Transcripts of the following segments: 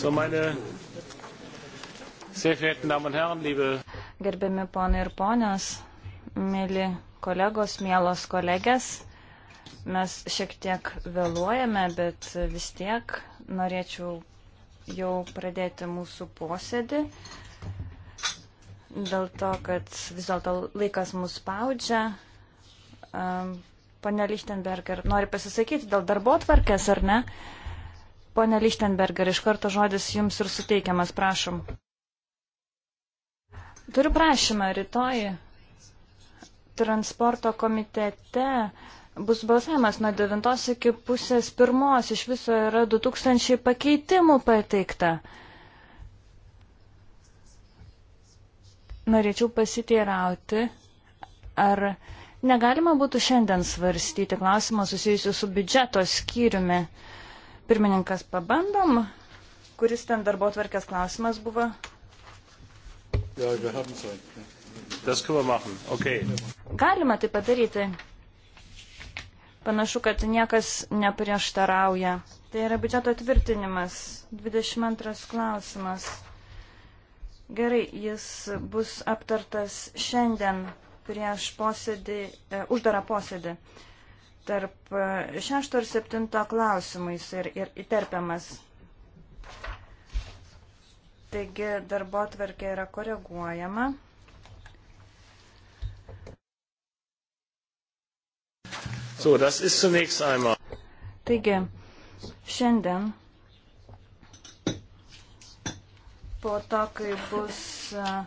So meine sehr verehrten Damen und Herren, liebe Gerbiami ponai ir ponios, mėly kolegos, mielos kolegės, mes šiek tiek vėluojame, bet vis tiek norėčiau jau pradėti mūsų posėdį dėl to, kad vis dėlto laikas mus spaudžia. Ehm, Pane Lichtenberger, nori pasisakyti dėl darbo tvarkės, ar ne? Uh, Pone Lichtenberger, iš karto žodis jums ir suteikiamas, prašom. Turiu prašymą, rytoj transporto komitete bus balsavimas nuo 9 iki pusės pirmos, iš viso yra 2000 pakeitimų pateikta. Norėčiau pasiteirauti, ar negalima būtų šiandien svarstyti klausimą susijusiu su biudžeto skyriumi. Pirmininkas, pabandom, kuris ten darbo tvarkės klausimas buvo. Galima tai padaryti. Panašu, kad niekas neprieštarauja. Tai yra biudžeto tvirtinimas. 22 klausimas. Gerai, jis bus aptartas šiandien prieš posėdį, e, uždarą posėdį. E, tarp e, šešto ir septinto klausimais ir, ir įterpiamas. Taigi darbo tvarkė yra koreguojama. So, das ist zunächst einmal. Taigi, šiandien po to, kai bus e,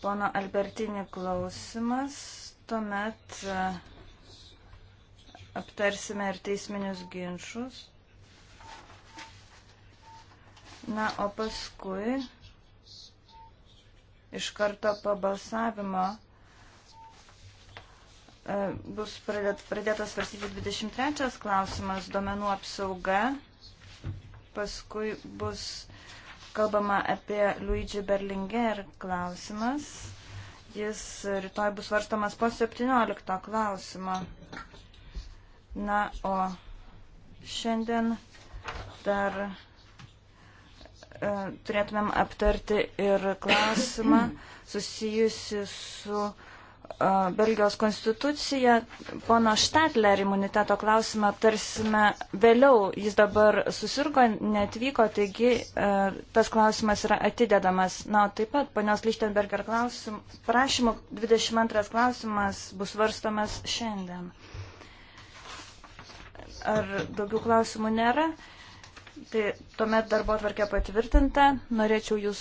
pono Albertinį klausimas, tuomet e, aptarsime ir teisminius ginčius. Na, o paskui iš karto po balsavimo e, bus pradėtas svarstyti 23 klausimas duomenų apsauga. Paskui bus kalbama apie Luigi Berlinger klausimas. Jis rytoj bus svarstamas po 17 klausimo. Na, o šiandien dar e, turėtumėm aptarti ir klausimą susijusi su e, Belgijos konstitucija. Pono Štatler imuniteto klausimą tarsime vėliau. Jis dabar susirgo, netvyko, taigi e, tas klausimas yra atidedamas. Na, taip pat ponios Lichtenberger prašymų 22 klausimas bus varstomas šiandien. Ar daugiau klausimų nėra? Tai tuomet darbo atvarkė patvirtinta. Norėčiau jūs,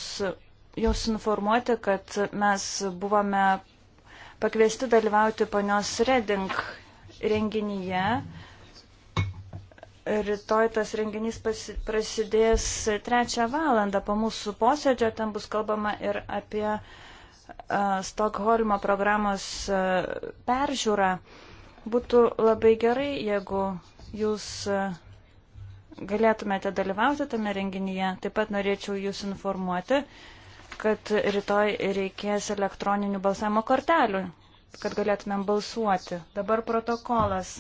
jūs informuoti, kad mes buvome pakviesti dalyvauti ponios Reding renginyje. Rytoj tas renginys prasidės trečią valandą po mūsų posėdžio. Ten bus kalbama ir apie uh, Stokholmo programos uh, peržiūrą. Būtų labai gerai, jeigu jūs e, galėtumėte dalyvauti tame renginyje. Taip pat norėčiau jūs informuoti, kad rytoj reikės elektroninių balsavimo kortelių, kad galėtumėm balsuoti. Dabar protokolas.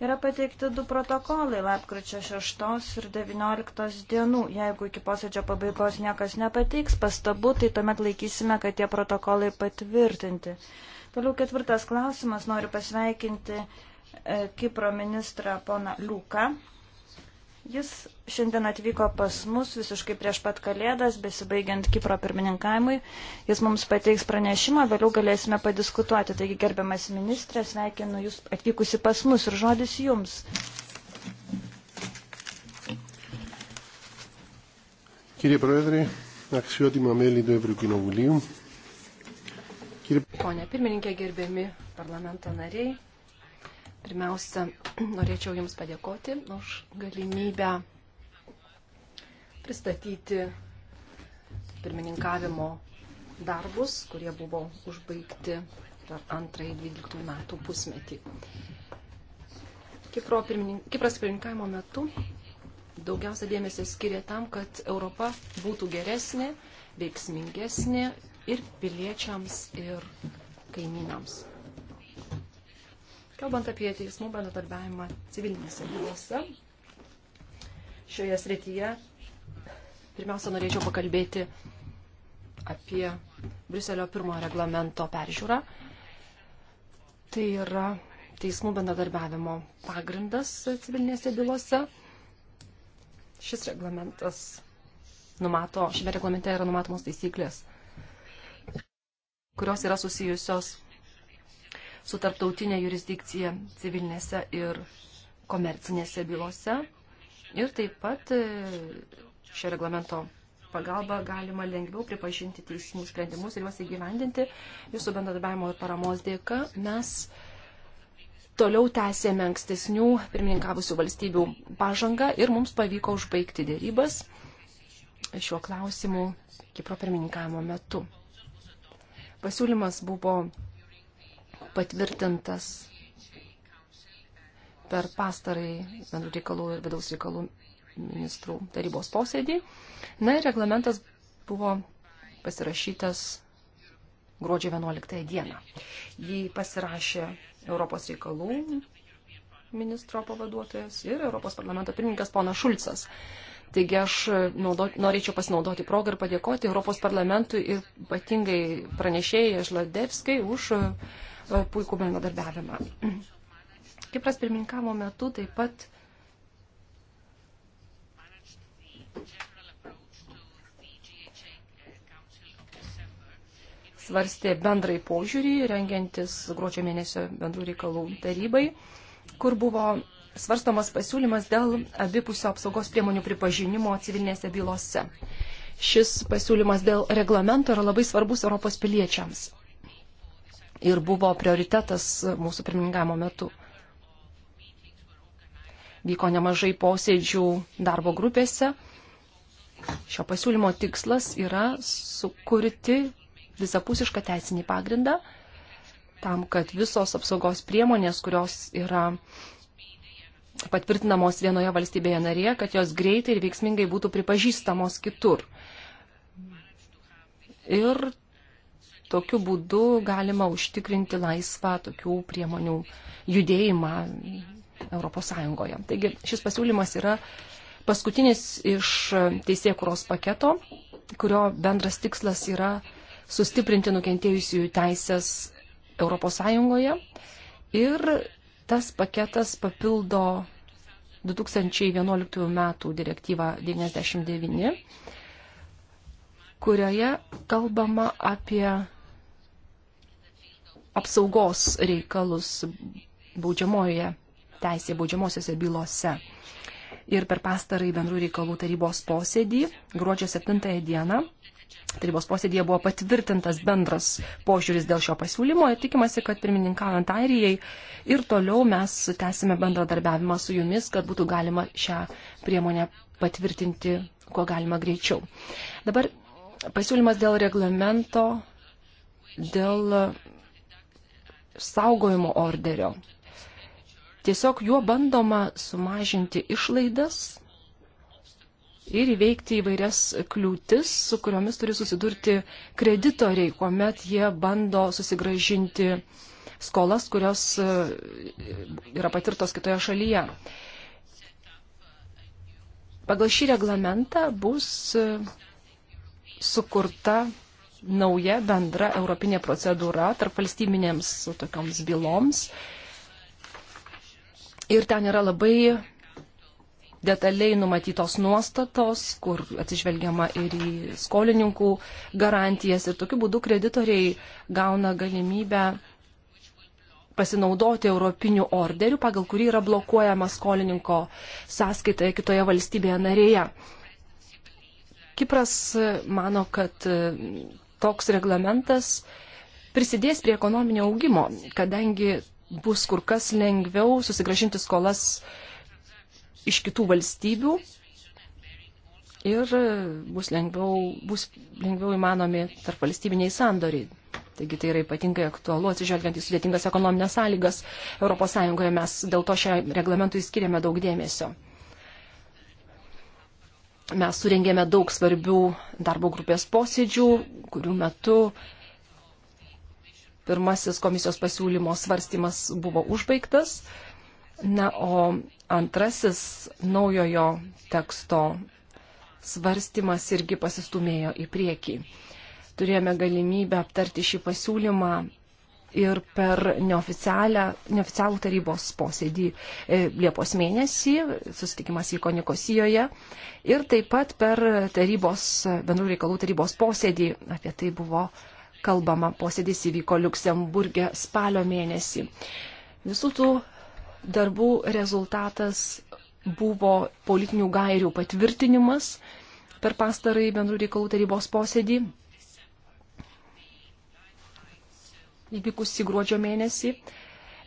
Yra pateikti du protokolai lapkričio 6 ir 19 dienų. Jeigu iki posėdžio pabaigos niekas nepateiks pastabų, tai tuomet laikysime, kad tie protokolai patvirtinti. Toliau ketvirtas klausimas. Noriu pasveikinti E, Kipro ministrą poną Liuką. Jis šiandien atvyko pas mus visiškai prieš pat kalėdas, besibaigiant Kipro pirmininkavimui. Jis mums pateiks pranešimą, vėliau galėsime padiskutuoti. Taigi, gerbiamas ministrė, sveikinu Jūs atvykusi pas mus ir žodis Jums. Κύριε Πρόεδρε, αξιότιμα μέλη του Ευρωκοινοβουλίου. Κύριε... Πόνια, πήρμενικέ, gerbiami parlamento nariai, Pirmiausia, norėčiau Jums padėkoti už galimybę pristatyti pirmininkavimo darbus, kurie buvo užbaigti per antrąjį 12 metų pusmetį. Kipro pirminin... Kipras pirmininkavimo metu daugiausia dėmesio skiria tam, kad Europa būtų geresnė, veiksmingesnė ir piliečiams, ir kaimynams. Kalbant apie teismų bendradarbiavimą civilinėse bylose, šioje srityje pirmiausia norėčiau pakalbėti apie Briuselio pirmojo reglamento peržiūrą. Tai yra teismų bendradarbiavimo pagrindas civilinėse bylose. Šis reglamentas numato, šiame reglamente yra numatomos taisyklės, kurios yra susijusios su tarptautinė jurisdikcija civilinėse ir komercinėse bylose. Ir taip pat e, šio reglamento pagalba galima lengviau pripažinti teismų sprendimus ir juos įgyvendinti. Jūsų bendradarbiavimo ir paramos dėka mes toliau tęsėme ankstesnių pirmininkavusių valstybių pažangą ir mums pavyko užbaigti dėrybas šiuo klausimu Kipro pirmininkavimo metu. Pasiūlymas buvo patvirtintas per pastarąjį bendrų reikalų ir vidaus reikalų ministrų tarybos posėdį. Na ir reglamentas buvo pasirašytas gruodžio 11 dieną. Jį pasirašė Europos reikalų ministro pavaduotojas ir Europos parlamento pirmininkas ponas Šulcas. Taigi aš naudot, norėčiau pasinaudoti progą ir padėkoti Europos parlamentui ir ypatingai pranešėjai Žladevskai už uh, puikų bendradarbiavimą. Kipras pirmininkavo metu taip pat svarstė bendrai požiūrį, rengiantis gruodžio mėnesio bendrų reikalų tarybai, kur buvo svarstomas pasiūlymas dėl abipusio apsaugos priemonių pripažinimo civilinėse bylose. Šis pasiūlymas dėl reglamento yra labai svarbus Europos piliečiams ir buvo prioritetas mūsų pirmininkavimo metu. Vyko nemažai posėdžių darbo grupėse. Šio pasiūlymo tikslas yra sukurti visapusišką teisinį pagrindą tam, kad visos apsaugos priemonės, kurios yra patvirtinamos vienoje valstybėje narėje, kad jos greitai ir veiksmingai būtų pripažįstamos kitur. Ir Tokiu būdu galima užtikrinti laisvą tokių priemonių judėjimą ES. Taigi šis pasiūlymas yra paskutinis iš teisėkuros paketo, kurio bendras tikslas yra sustiprinti nukentėjusiųjų teisės ES. Ir tas paketas papildo 2011 m. direktyvą 99 kurioje kalbama apie apsaugos reikalus baudžiamojoje teisėje, baudžiamosiose bylose. Ir per pastarąjį bendrų reikalų tarybos posėdį, gruodžio 7 dieną, tarybos posėdėje buvo patvirtintas bendras požiūris dėl šio pasiūlymo ir tikimasi, kad pirmininkaujant Airijai ir toliau mes tęsime bendradarbiavimą su jumis, kad būtų galima šią priemonę patvirtinti kuo galima greičiau. Dabar pasiūlymas dėl reglamento, dėl saugojimo orderio. Tiesiog juo bandoma sumažinti išlaidas ir įveikti įvairias kliūtis, su kuriomis turi susidurti kreditoriai, kuomet jie bando susigražinti skolas, kurios e, yra patirtos kitoje šalyje. Pagal šį reglamentą bus e, sukurta nauja bendra europinė procedūra tarp valstybinėms tokioms byloms. Ir ten yra labai detaliai numatytos nuostatos, kur atsižvelgiama ir į skolininkų garantijas ir tokiu būdu kreditoriai gauna galimybę pasinaudoti europiniu orderiu, pagal kurį yra blokuojama skolininko sąskaitoje kitoje valstybėje narėje. Kipras mano, kad toks reglamentas prisidės prie ekonominio augimo, kadangi bus kur kas lengviau susigražinti skolas iš kitų valstybių ir bus lengviau, bus lengviau įmanomi tarp valstybiniai sandoriai. Taigi tai yra ypatingai aktualu atsižvelgiant į sudėtingas ekonominės sąlygas. ES mes dėl to šią reglamentui skiriame daug dėmesio. Mes surengėme daug svarbių darbo grupės posėdžių, kurių metu pirmasis komisijos pasiūlymo svarstymas buvo užbaigtas. Na, o antrasis naujojo teksto svarstymas irgi pasistumėjo į priekį. Turėjome galimybę aptarti šį pasiūlymą ir per neoficialų tarybos posėdį e, Liepos mėnesį, susitikimas vyko Nikosijoje, ir taip pat per tarybos, bendrų reikalų tarybos posėdį, apie tai buvo kalbama, posėdis įvyko Luksemburgė spalio mėnesį. Visų tų darbų rezultatas buvo politinių gairių patvirtinimas per pastarąjį bendrų reikalų tarybos posėdį įvykusi gruodžio mėnesį.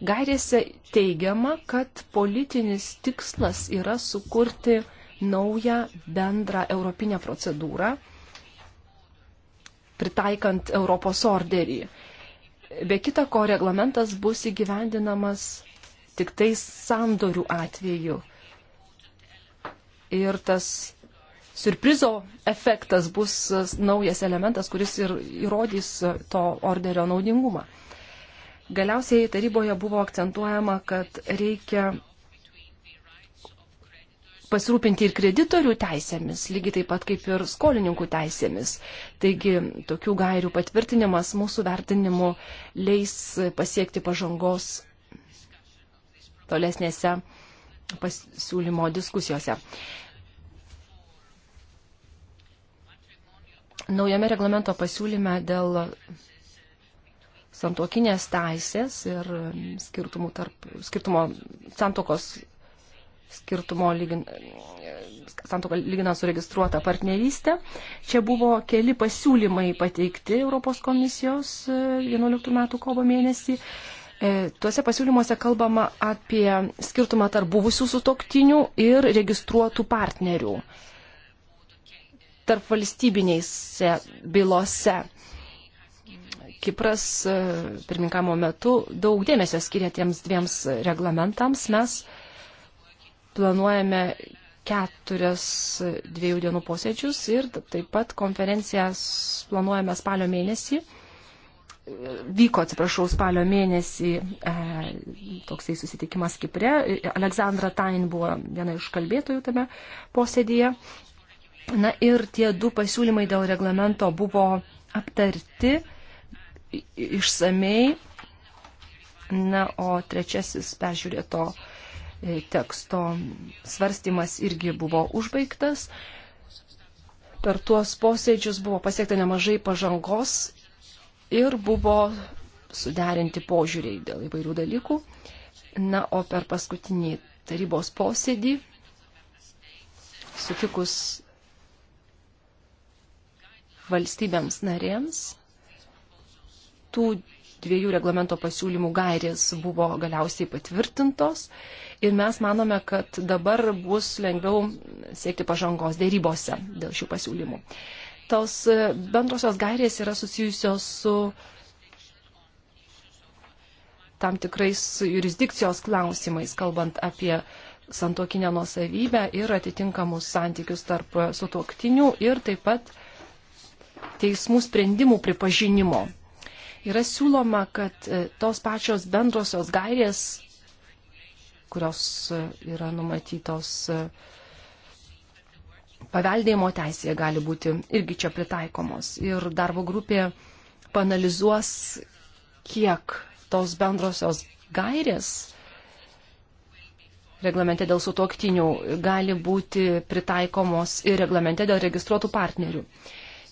Gairėse teigiama, kad politinis tikslas yra sukurti naują bendrą europinę procedūrą, pritaikant Europos orderį. Be kita ko, reglamentas bus įgyvendinamas tik tais sandorių atveju. Ir tas surprizo efektas bus e, naujas elementas, kuris ir įrodys e, to orderio naudingumą. Galiausiai taryboje buvo akcentuojama, kad reikia pasirūpinti ir kreditorių teisėmis, lygiai taip pat kaip ir skolininkų teisėmis. Taigi tokių gairių patvirtinimas mūsų vertinimu leis pasiekti pažangos tolesnėse pasiūlymo diskusijose. Naujame reglamento pasiūlyme dėl santokinės teisės ir skirtumų tarp, skirtumo santokos skirtumo lygin, santoką lyginant su registruota partnerystė. Čia buvo keli pasiūlymai pateikti Europos komisijos 11 e, metų kovo mėnesį. E, tuose pasiūlymuose kalbama apie skirtumą tarp buvusių sutoktinių ir registruotų partnerių tarp valstybinėse bylose. Kipras e, pirmininkamo metu daug dėmesio skiria tiems dviems reglamentams. Mes planuojame keturias dviejų dienų posėdžius ir taip pat konferencijas planuojame spalio mėnesį. Vyko, atsiprašau, spalio mėnesį e, toksai susitikimas Kipre. Aleksandra Tain buvo viena iš kalbėtojų tame posėdėje. Na ir tie du pasiūlymai dėl reglamento buvo aptarti išsamei. Na, o trečiasis peržiūrėto e, teksto svarstymas irgi buvo užbaigtas. Per tuos posėdžius buvo pasiekta nemažai pažangos ir buvo suderinti požiūriai dėl įvairių dalykų. Na, o per paskutinį tarybos posėdį sutikus valstybėms narėms. Tų dviejų reglamento pasiūlymų gairės buvo galiausiai patvirtintos ir mes manome, kad dabar bus lengviau siekti pažangos dėrybose dėl šių pasiūlymų. Tos bendrosios gairės yra susijusios su tam tikrais jurisdikcijos klausimais, kalbant apie santokinę nuosavybę ir atitinkamus santykius tarp sutuoktinių ir taip pat teismų sprendimų pripažinimo. Yra siūloma, kad e, tos pačios bendrosios gairės, kurios e, yra numatytos e, paveldėjimo teisėje, gali būti irgi čia pritaikomos. Ir darbo grupė panalizuos, kiek tos bendrosios gairės reglamente dėl sutoktinių gali būti pritaikomos ir reglamente dėl registruotų partnerių.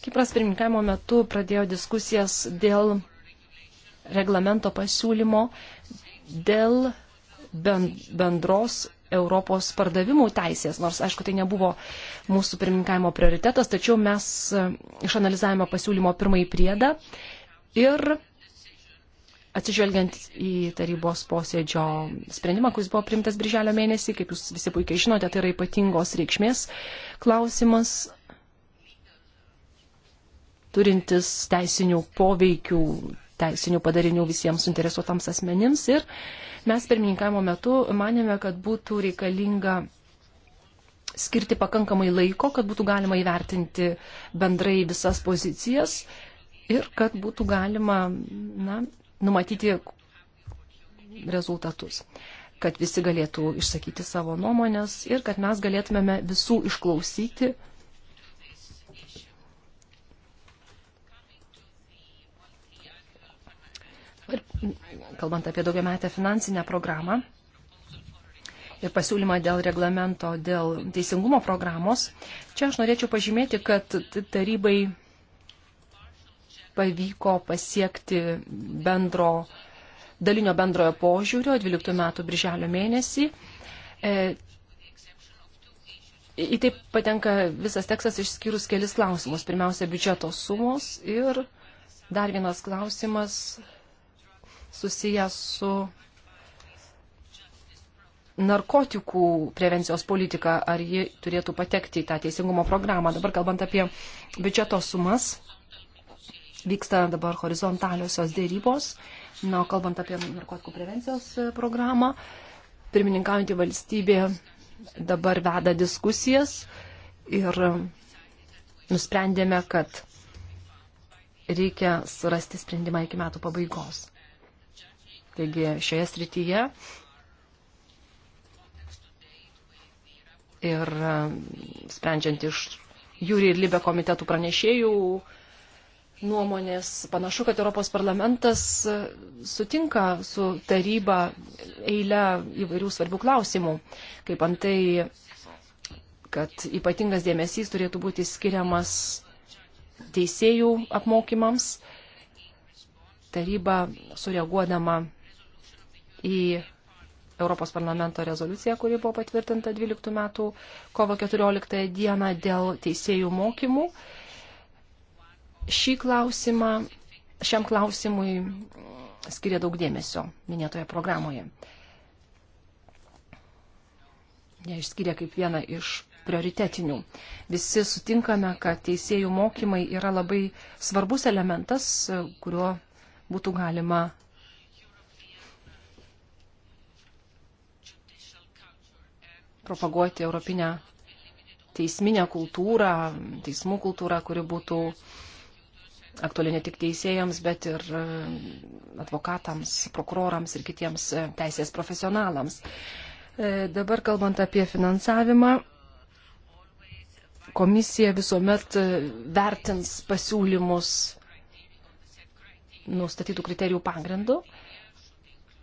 Kipras pirmininkavimo metu pradėjo diskusijas dėl reglamento pasiūlymo dėl bendros Europos pardavimų teisės, nors aišku tai nebuvo mūsų pirmininkavimo prioritetas, tačiau mes e, išanalizavome pasiūlymo pirmąjį priedą ir atsižvelgiant į tarybos posėdžio sprendimą, kuris buvo priimtas birželio mėnesį, kaip jūs visi puikiai žinote, tai yra ypatingos reikšmės klausimas turintis teisinių poveikių, teisinių padarinių visiems suinteresuotams asmenims. Ir mes pirmininkavimo metu manėme, kad būtų reikalinga skirti pakankamai laiko, kad būtų galima įvertinti bendrai visas pozicijas ir kad būtų galima na, numatyti rezultatus kad visi galėtų išsakyti savo nuomonės ir kad mes galėtumėme visų išklausyti Ir kalbant apie daugiametę finansinę programą ir pasiūlymą dėl reglamento, dėl teisingumo programos, čia aš norėčiau pažymėti, kad tarybai pavyko pasiekti bendro, dalinio bendrojo požiūrio 12 metų birželio mėnesį. E, Į tai patenka visas tekstas išskyrus kelis klausimus. Pirmiausia, biudžeto sumos ir dar vienas klausimas susijęs su narkotikų prevencijos politika, ar ji turėtų patekti į tą teisingumo programą. Dabar kalbant apie biudžeto sumas, vyksta dabar horizontaliosios dėrybos, na, o kalbant apie narkotikų prevencijos e, programą, pirmininkaujantį valstybė dabar veda diskusijas ir e, nusprendėme, kad reikia surasti sprendimą iki metų pabaigos. Taigi šioje srityje ir e, sprendžiant iš Jūri ir Libė komitetų pranešėjų nuomonės, panašu, kad Europos parlamentas e, sutinka su taryba eilę įvairių svarbių klausimų, kaip antai, kad ypatingas dėmesys turėtų būti skiriamas teisėjų apmokymams. Taryba sureaguodama į Europos parlamento rezoliuciją, kuri buvo patvirtinta 12 metų kovo 14 dieną dėl teisėjų mokymų. Šį klausimą, šiam klausimui skiria daug dėmesio minėtoje programoje. Jie išskiria kaip vieną iš prioritetinių. Visi sutinkame, kad teisėjų mokymai yra labai svarbus elementas, kuriuo būtų galima propaguoti europinę teisminę kultūrą, teismų kultūrą, kuri būtų aktuali ne tik teisėjams, bet ir e, advokatams, prokurorams ir kitiems e, teisės profesionalams. E, dabar kalbant apie finansavimą, komisija visuomet vertins pasiūlymus nustatytų kriterijų pagrindu,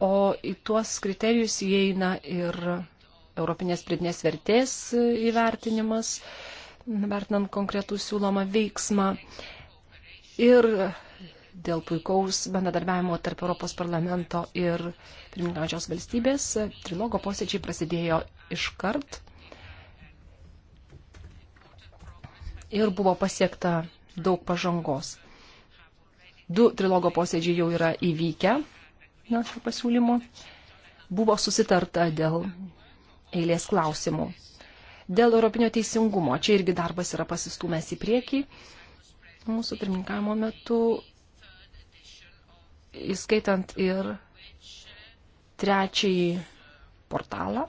o į tuos kriterijus įeina ir Europinės pridinės vertės įvertinimas, vertinant konkretų siūlomą veiksmą. Ir dėl puikaus bendradarbiavimo tarp Europos parlamento ir pirmininkaujančios valstybės. Trilogo posėdžiai prasidėjo iškart ir buvo pasiekta daug pažangos. Du trilogo posėdžiai jau yra įvykę nuo šio pasiūlymo. Buvo susitarta dėl eilės klausimų. Dėl Europinio teisingumo, čia irgi darbas yra pasistumęs į priekį mūsų pirmininkavimo metu, įskaitant ir trečiąjį portalą.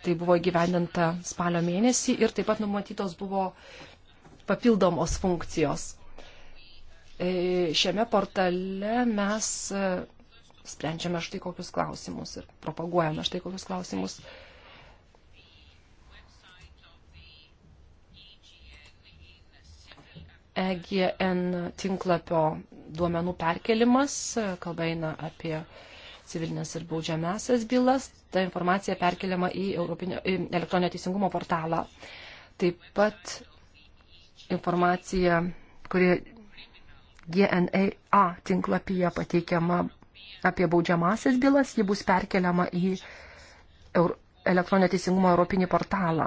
Tai buvo gyvendinta spalio mėnesį ir taip pat numatytos buvo papildomos funkcijos. E, šiame portale mes sprendžiame štai kokius klausimus ir propaguojame štai kokius klausimus. EGN tinklapio duomenų perkelimas, kalba eina apie civilinės ir baudžiamesias bylas, ta informacija perkeliama į, Europinio, į elektroninio teisingumo portalą. Taip pat informacija, kuri GNAA tinklapyje pateikiama apie baudžiamasias bylas, ji bus perkeliama į elektroninio teisingumo europinį portalą.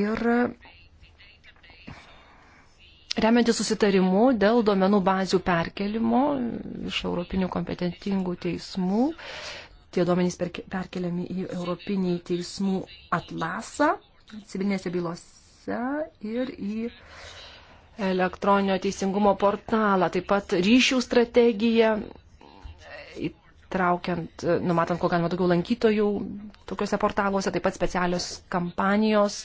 Ir remiantis susitarimu dėl duomenų bazių perkelimo iš europinių kompetentingų teismų, tie duomenys perkeliami į europinį teismų atlasą civilinėse bylose ir į elektroninio teisingumo portalą, taip pat ryšių strategiją traukiant, e, numatant, kuo galima daugiau lankytojų tokiuose portaluose, taip pat specialios kampanijos,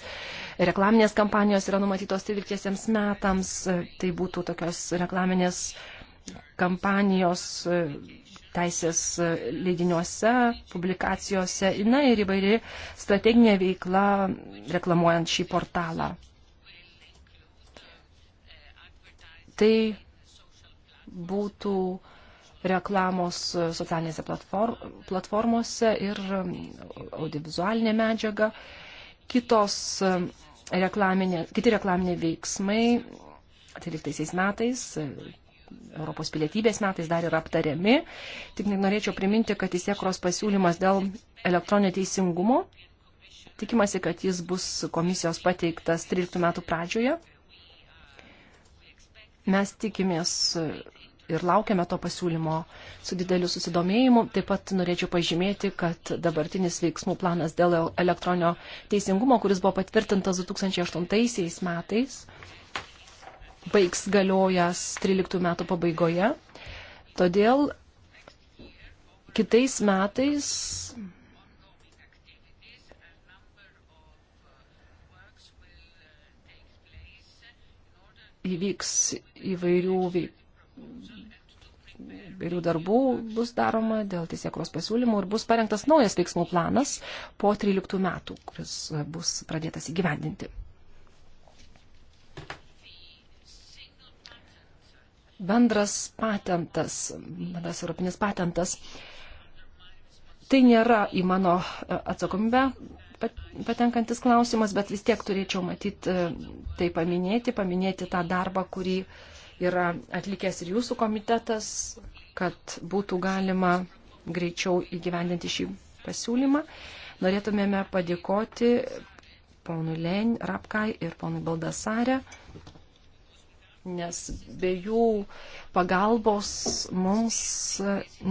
reklaminės kampanijos yra numatytos 13 metams, e, tai būtų tokios reklaminės kampanijos e, teisės leidiniuose, publikacijose, na ir įvairi strateginė veikla reklamuojant šį portalą. Tai būtų uh, reklamos socialinėse platformose ir audiovizualinė medžiaga. Kitos e, reklaminė, kiti reklaminiai veiksmai 13 metais, e, Europos pilietybės metais dar yra aptariami. Tik norėčiau priminti, kad įsiekros pasiūlymas dėl elektroninio teisingumo. Tikimasi, kad jis bus komisijos pateiktas 13 metų pradžioje. Mes tikimės ir laukiame to pasiūlymo su dideliu susidomėjimu. Taip pat norėčiau pažymėti, kad dabartinis veiksmų planas dėl elektroninio teisingumo, kuris buvo patvirtintas 2008 metais, baigs galiojas 13 metų pabaigoje. Todėl kitais metais įvyks įvairių veik vėlių darbų bus daroma dėl teisėkros pasiūlymų ir bus parengtas naujas veiksmų planas po 13 metų, kuris bus pradėtas įgyvendinti. Bendras patentas, bendras europinis patentas, tai nėra į mano atsakomybę patenkantis klausimas, bet vis tiek turėčiau matyti e, tai paminėti, paminėti tą darbą, kurį uh, yra atlikęs ir jūsų komitetas, kad būtų galima greičiau įgyvendinti šį pasiūlymą. Norėtumėme padėkoti ponui Len, Rapkai ir ponui Baldasarė, nes be jų pagalbos mums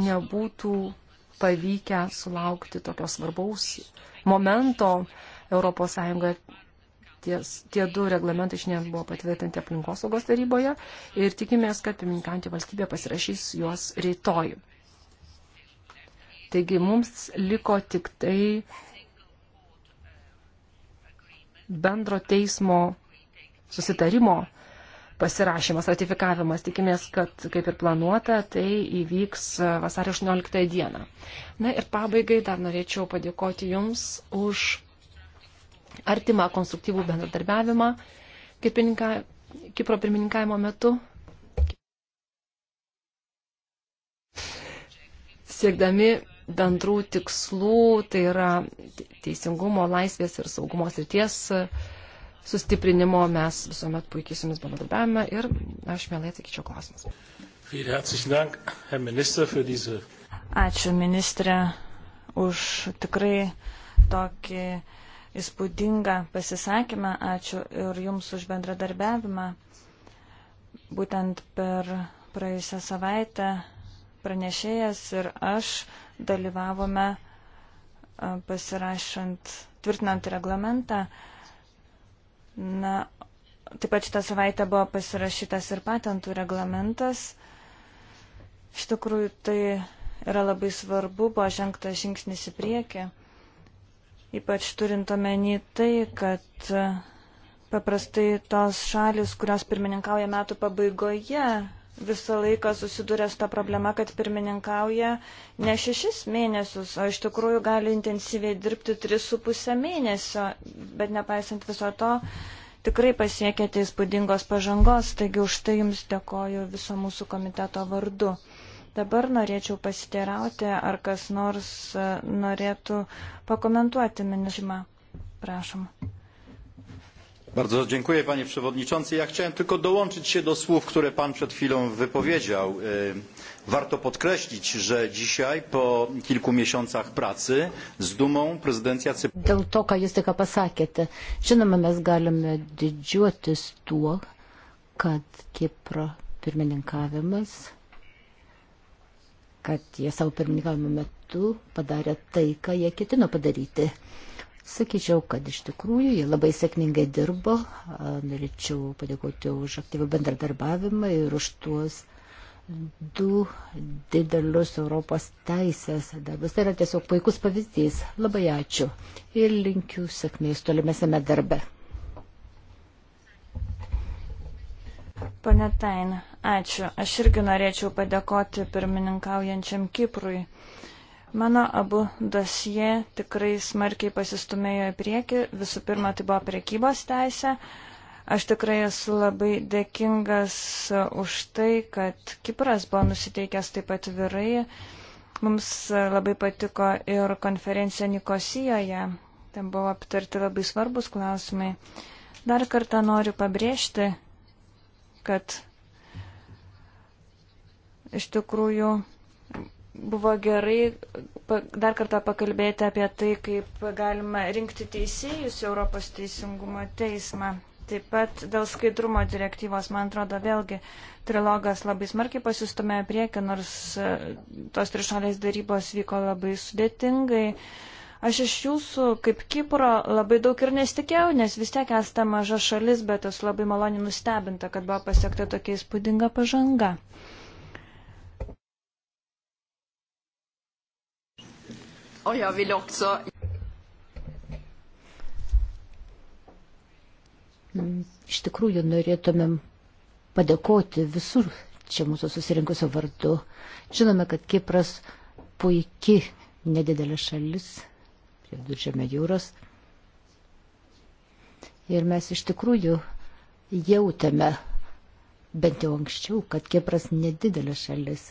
nebūtų pavykę sulaukti tokio svarbaus momento ES ties, tie du reglamentai šiandien buvo patvirtinti aplinkosaugos taryboje ir tikimės, kad pirmininkantį valstybė pasirašys juos rytoj. Taigi mums liko tik tai bendro teismo susitarimo pasirašymas, ratifikavimas. Tikimės, kad kaip ir planuota, tai įvyks e, vasario 18 dieną. Na ir pabaigai dar norėčiau padėkoti Jums už artimą konstruktyvų bendradarbiavimą pirmininka, Kipro pirmininkavimo metu, siekdami bendrų tikslų, tai yra teisingumo, laisvės ir saugumo srities sustiprinimo, mes visuomet puikiai su jumis bendradarbiavime ir aš mielai atsakyčiau klausimus. Ačiū ministrė už tikrai tokį įspūdingą pasisakymą. Ačiū ir Jums už bendradarbiavimą. Būtent per praėjusią savaitę pranešėjas ir aš dalyvavome pasirašant, tvirtinant reglamentą. Na, taip pat šitą savaitę buvo pasirašytas ir patentų reglamentas. Iš tikrųjų, tai yra labai svarbu, buvo žengtas žingsnis į priekį. Ypač turint omeny tai, kad paprastai tos šalis, kurios pirmininkauja metų pabaigoje, visą laiką susiduria su ta problema, kad pirmininkauja ne šešis mėnesius, o iš tikrųjų gali intensyviai dirbti tris su pusę mėnesio, bet nepaisant viso to, tikrai pasiekėte įspūdingos pažangos, taigi už tai Jums dėkoju viso mūsų komiteto vardu. Dabar norėčiau pasiteirauti, ar kas nors e, norėtų pakomentuoti minimą. Prašom. Bardzo dziękuję panie przewodniczący. Ja chciałem tylko dołączyć się do słów, które pan przed chwilą wypowiedział. E, warto podkreślić, że dzisiaj po kilku miesiącach pracy z dumą prezydencja Cypru. Dėl to, ką jūs tik pasakėte, žinoma, mes galime didžiuotis tuo, kad Kipro pirmininkavimas kad jie savo pirmininkavimo metu padarė tai, ką jie ketino padaryti. Sakyčiau, kad iš tikrųjų jie labai sėkmingai dirbo. Norėčiau padėkoti už aktyvų bendradarbiavimą ir už tuos du didelius Europos teisės darbus. Tai yra tiesiog puikus pavyzdys. Labai ačiū ir linkiu sėkmės tolimesame darbe. Pane Tain, ačiū. Aš irgi norėčiau padėkoti pirmininkaujančiam Kiprui. Mano abu dosie tikrai smarkiai pasistumėjo į priekį. Visų pirma, tai buvo priekybos teisė. Aš tikrai esu labai dėkingas už tai, kad Kipras buvo nusiteikęs taip atvirai. Mums labai patiko ir konferencija Nikosijoje. Ten buvo aptarti labai svarbus klausimai. Dar kartą noriu pabrėžti, kad iš tikrųjų buvo gerai dar kartą pakalbėti apie tai, kaip galima rinkti teisėjus Europos teisingumo teismą. Taip pat dėl skaidrumo direktyvos, man atrodo, vėlgi trilogas labai smarkiai pasistumė priekį, nors e, tos trišalės darybos vyko labai sudėtingai. Uh, Aš iš jūsų, kaip Kipro, labai daug ir nesitikėjau, nes vis tiek esate maža šalis, bet esu labai maloniai nustebinta, kad buvo pasiekta tokia įspūdinga pažanga. Och jag vill också... Mm, iš tikrųjų norėtumėm padėkoti visur čia mūsų susirinkusio vardu. Žinome, kad Kipras puikiai nedidelė šalis, prie Duržėme jūros. Ir mes iš tikrųjų jautėme, bent jau anksčiau, kad Kipras nedidelė šalis.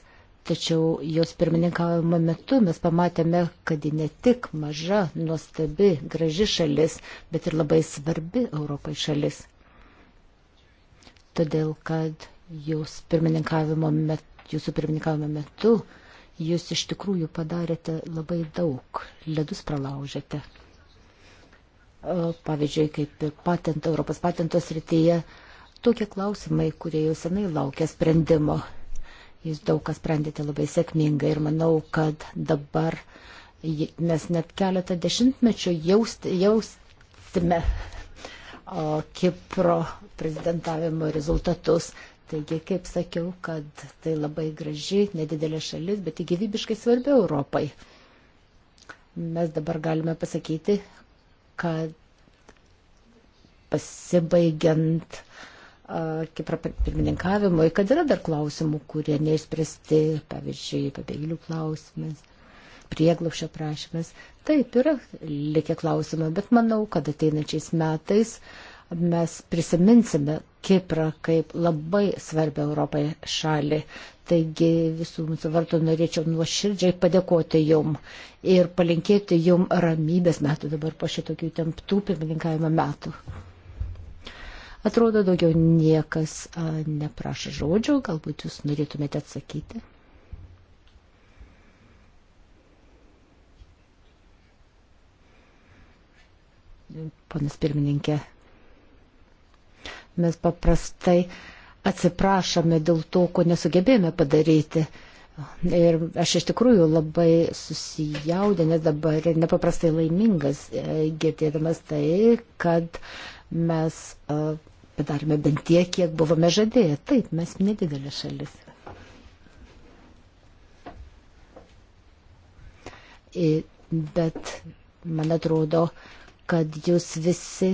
Tačiau jos pirmininkavimo metu mes pamatėme, kad ji ne tik maža, nuostabi, graži šalis, bet ir labai svarbi Europai šalis. Todėl, kad jūs pirmininkavimo met, jūsų pirmininkavimo metu Jūs iš tikrųjų padarėte labai daug, ledus pralaužėte. Pavyzdžiui, kaip patent, Europos patentos rytyje, tokie klausimai, kurie jau senai laukia sprendimo. Jūs daug ką sprendėte labai sėkmingai ir manau, kad dabar mes net keletą dešimtmečių jaust, jaustime o, Kipro prezidentavimo rezultatus. Taigi, kaip sakiau, kad tai labai graži, nedidelė šalis, bet ji gyvybiškai svarbi Europai. Mes dabar galime pasakyti, kad pasibaigiant uh, Kipro pirmininkavimui, kad yra dar klausimų, kurie neišspręsti, pavyzdžiui, pabėgėlių klausimas, prieglaušio prašymas. Taip yra likę klausimai, bet manau, kad ateinačiais metais mes prisiminsime Kiprą kaip labai svarbią Europai šalį. Taigi visų mūsų vartų norėčiau nuoširdžiai padėkoti jum ir palinkėti jum ramybės metų dabar po šitokių temptų pirmininkavimo metų. Atrodo, daugiau niekas a, neprašo žodžio, galbūt jūs norėtumėte atsakyti. Ponas pirmininkė, Mes paprastai atsiprašome dėl to, ko nesugebėjome padaryti. Ir aš iš tikrųjų labai susijaudinęs dabar ir nepaprastai laimingas e, girdėdamas tai, kad mes e, padarėme bent tiek, kiek buvome žadėję. Taip, mes nedidelė šalis. Bet man atrodo, kad jūs visi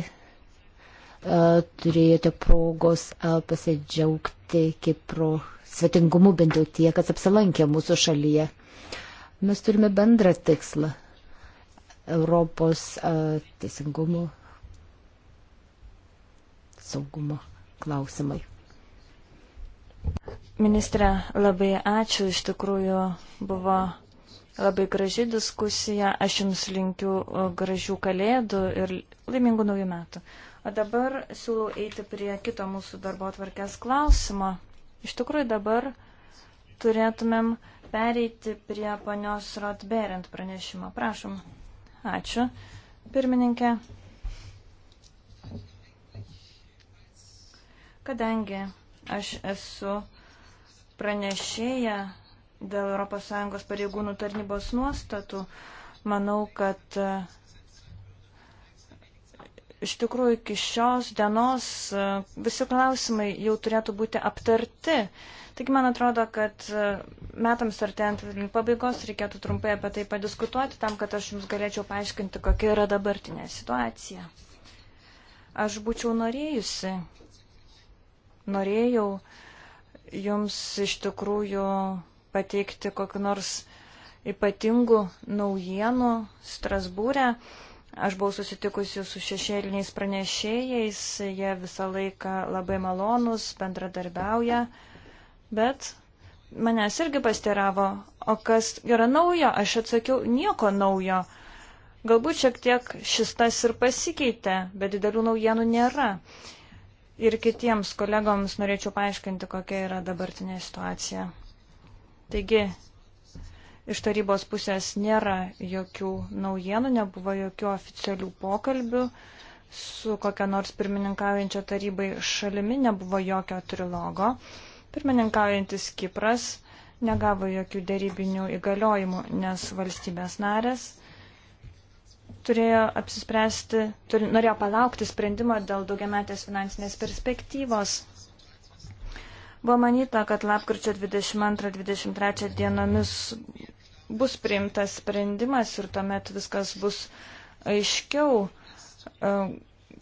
E, turėjote progos e, pasidžiaugti Kipro svetingumu, bent jau tie, kas apsilankė mūsų šalyje. Mes turime bendrą tikslą - Europos e, teisingumo, saugumo klausimai. Ministre, labai ačiū, iš tikrųjų buvo labai graži diskusija, aš jums linkiu gražių kalėdų ir laimingų naujų metų. O dabar siūlau eiti prie kito mūsų darbo tvarkės klausimo. Iš tikrųjų dabar turėtumėm pereiti prie ponios Rotberent pranešimo. Prašom. Ačiū, pirmininkė. Kadangi aš esu pranešėja dėl ES pareigūnų tarnybos nuostatų, manau, kad iš tikrųjų iki šios dienos e, visi klausimai jau turėtų būti aptarti. Taigi man atrodo, kad e, metams artėjant pabaigos reikėtų trumpai apie tai padiskutuoti, tam, kad aš jums galėčiau paaiškinti, kokia yra dabartinė situacija. Aš būčiau norėjusi, norėjau jums iš tikrųjų pateikti kokiu nors ypatingų naujienų Strasbūrė. E Aš buvau susitikusi su šešėliniais pranešėjais, jie visą laiką labai malonus, bendradarbiauja, bet manęs irgi pasteravo, o kas yra naujo, aš atsakiau, nieko naujo. Galbūt šiek tiek šis tas ir pasikeitė, bet didelių naujienų nėra. Ir kitiems kolegoms norėčiau paaiškinti, kokia yra dabartinė situacija. Taigi, Iš tarybos pusės nėra jokių naujienų, nebuvo jokių oficialių pokalbių su kokia nors pirmininkaujančia tarybai šalimi, nebuvo jokio trilogo. Pirmininkaujantis Kipras negavo jokių dėrybinių įgaliojimų, nes valstybės narės turėjo apsispręsti, turi, norėjo palaukti sprendimo dėl daugiametės finansinės perspektyvos. Buvo manyta, kad lapkričio 22-23 dienomis bus priimtas sprendimas ir tuomet viskas bus aiškiau, e,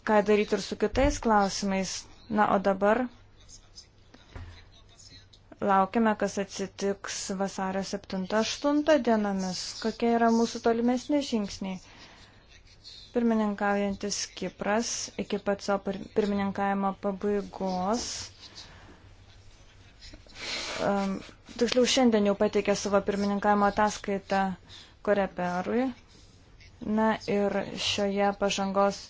ką daryti ir su kitais klausimais. Na, o dabar laukime, kas atsitiks vasario 7-8 dienomis, kokie yra mūsų tolimesni žingsniai. Pirmininkaujantis Kipras iki pat savo pirmininkavimo pabaigos um, tiksliau šiandien jau pateikė savo pirmininkavimo ataskaitą Koreperui. Na ir šioje pažangos.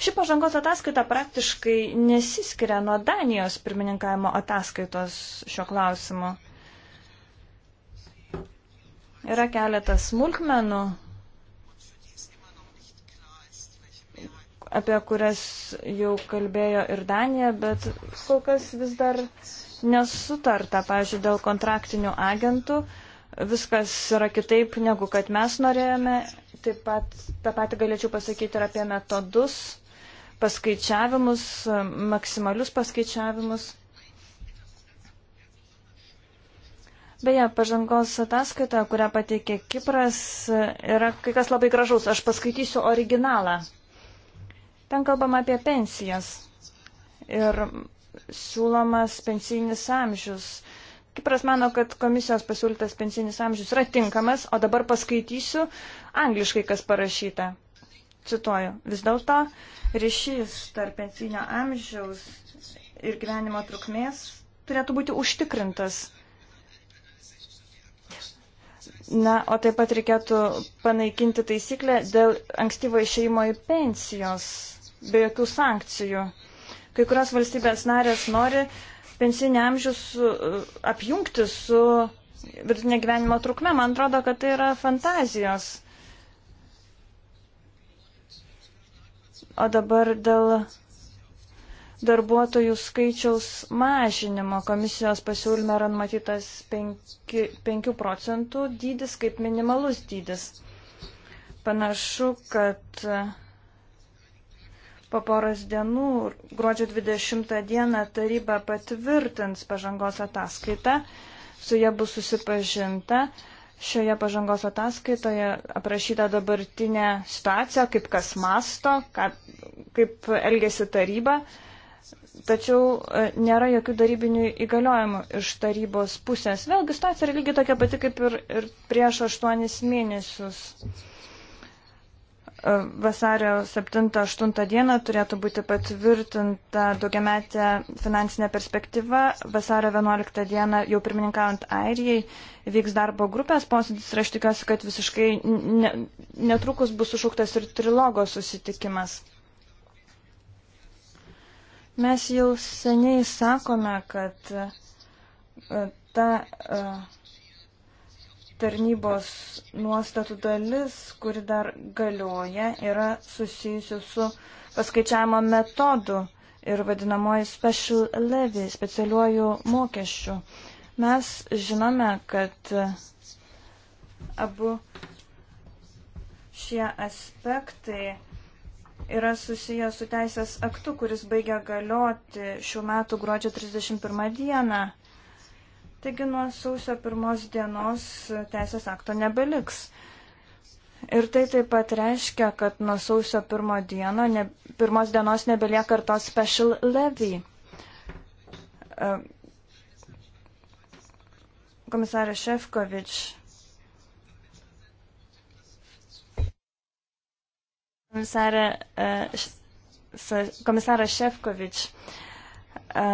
Ši pažangos ataskaita praktiškai nesiskiria nuo Danijos pirmininkavimo ataskaitos šiuo klausimu. Yra keletas smulkmenų, apie kurias jau kalbėjo ir Danija, bet kol kas vis dar uh, nesutarta, pavyzdžiui, dėl kontraktinių agentų. Viskas yra kitaip, negu kad mes norėjome. Taip pat tą patį galėčiau pasakyti ir apie metodus, paskaičiavimus, maksimalius paskaičiavimus. Beje, pažangos ataskaita, kurią pateikė Kipras, yra kai kas labai gražus. Aš paskaitysiu originalą. Ten kalbam apie pensijas. Ir siūlomas pensinis amžius. Kipras mano, kad komisijos pasiūlytas pensinis amžius yra tinkamas, o dabar paskaitysiu angliškai, kas parašyta. Cituoju. Vis dėlto ryšys tarp pensinio amžiaus ir gyvenimo trukmės turėtų būti užtikrintas. Na, o taip pat reikėtų panaikinti taisyklę dėl ankstyvo išeimo į pensijos be jokių sankcijų. Kai kurios valstybės narės nori pensinį amžių su, apjungti su vidutinė gyvenimo trukme. Man atrodo, kad tai yra fantazijos. O dabar dėl darbuotojų skaičiaus mažinimo komisijos pasiūlyme yra numatytas 5, 5 procentų dydis kaip minimalus dydis. Panašu, kad Po poros dienų, gruodžio 20 dieną, taryba patvirtins pažangos ataskaitą, su ja bus susipažinta. Šioje pažangos ataskaitoje aprašyta dabartinė situacija, kaip kas masto, ką, kaip elgesi taryba, tačiau e, nėra jokių darybinių įgaliojimų iš tarybos pusės. Vėlgi situacija yra lygiai tokia pati kaip ir, ir prieš aštuonis mėnesius vasario 7-8 dieną turėtų būti patvirtinta daugiametė finansinė perspektyva. Vasario 11 dieną jau pirmininkaujant Airijai vyks darbo grupės posėdis ir aš tikiuosi, kad visiškai ne, netrukus bus sušauktas ir trilogo susitikimas. Mes jau seniai sakome, kad e, ta. Uh, tarnybos nuostatų dalis, kuri dar galioja, yra susijusi su paskaičiavimo metodu ir vadinamoji special levy, specialiuoju mokesčiu. Mes žinome, kad abu šie aspektai yra susijęs su teisės aktu, kuris baigia galioti šių metų gruodžio 31 dieną. Taigi nuo sausio pirmos dienos teisės akto nebeliks. Ir tai taip pat reiškia, kad nuo sausio pirmo dieno, ne, pirmos dienos nebelieka ir to special levy. E, komisarė Šefkovič. Komisarė, e, komisaras Šefkovič e,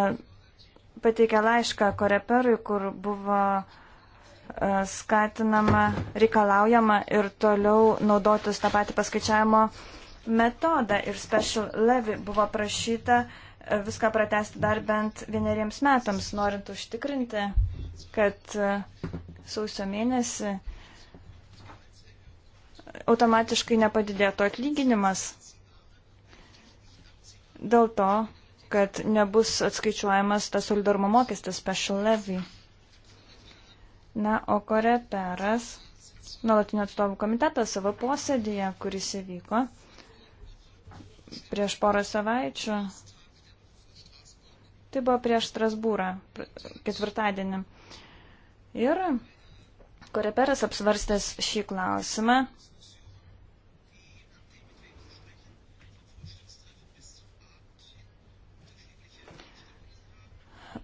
pateikė laišką Koreperui, kur buvo e, skatinama, reikalaujama ir toliau naudotis tą patį paskaičiavimo metodą ir special levy buvo prašyta e, viską pratesti dar bent vieneriems metams, norint užtikrinti, kad e, sausio mėnesį automatiškai nepadidėtų atlyginimas. Dėl to kad nebus atskaičiuojamas tas solidarumo mokestis special levy. Na, o koreperas, nuolatinio atstovų komitetas savo posėdėje, kuris įvyko prieš porą savaičių, tai buvo prieš Strasbūrą, ketvirtadienį. Ir koreperas apsvarstęs šį klausimą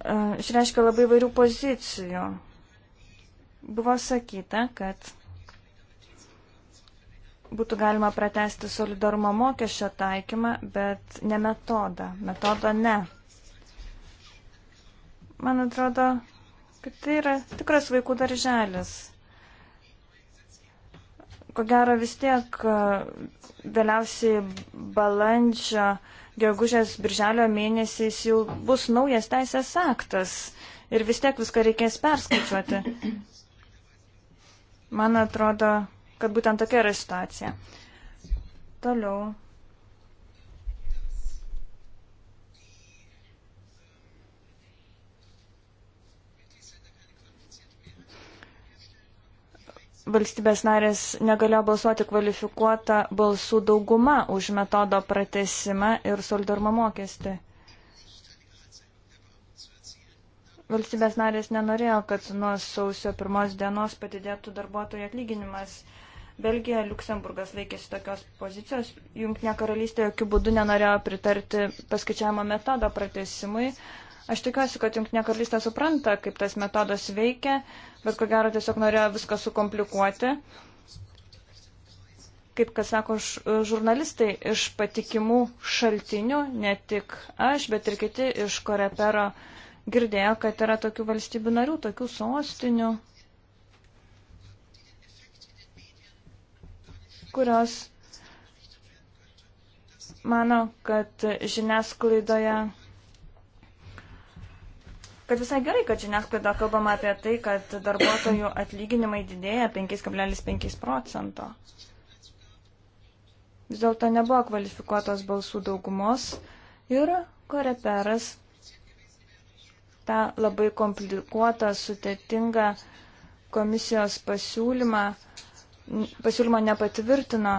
išreiškia labai vairių pozicijų. Buvo sakyta, kad būtų galima pratesti solidarumo mokesčio taikymą, bet ne metodą. Metodo ne. Man atrodo, kad tai yra tikras vaikų darželis. Ko gero vis tiek vėliausiai balandžio uh, gegužės birželio mėnesiais jau bus naujas teisės aktas ir vis tiek viską reikės perskaičiuoti. Man atrodo, kad būtent tokia yra situacija. Toliau. valstybės narės negalėjo balsuoti kvalifikuotą balsų daugumą už metodo pratesimą ir solidarumo mokestį. Valstybės narės nenorėjo, kad nuo sausio pirmos dienos padidėtų darbuotojų atlyginimas. Belgija, Luksemburgas laikėsi tokios pozicijos. Junktinė karalystė jokių būdų nenorėjo pritarti paskaičiavimo metodo pratesimui. Aš tikiuosi, kad Junktinė karalystė supranta, kaip tas metodas veikia bet ko gero tiesiog norėjo viską sukomplikuoti. Kaip kas sako žurnalistai, iš patikimų šaltinių, ne tik aš, bet ir kiti iš Korepero girdėjo, kad yra tokių valstybių narių, tokių sostinių, kurios mano, kad žiniasklaidoje kad visai gerai, kad žiniasklaida kalbama apie tai, kad darbuotojų atlyginimai didėja 5,5 procento. Vis dėlto nebuvo kvalifikuotos balsų daugumos ir koreperas tą labai komplikuotą, sudėtingą komisijos pasiūlymą, pasiūlymą nepatvirtino.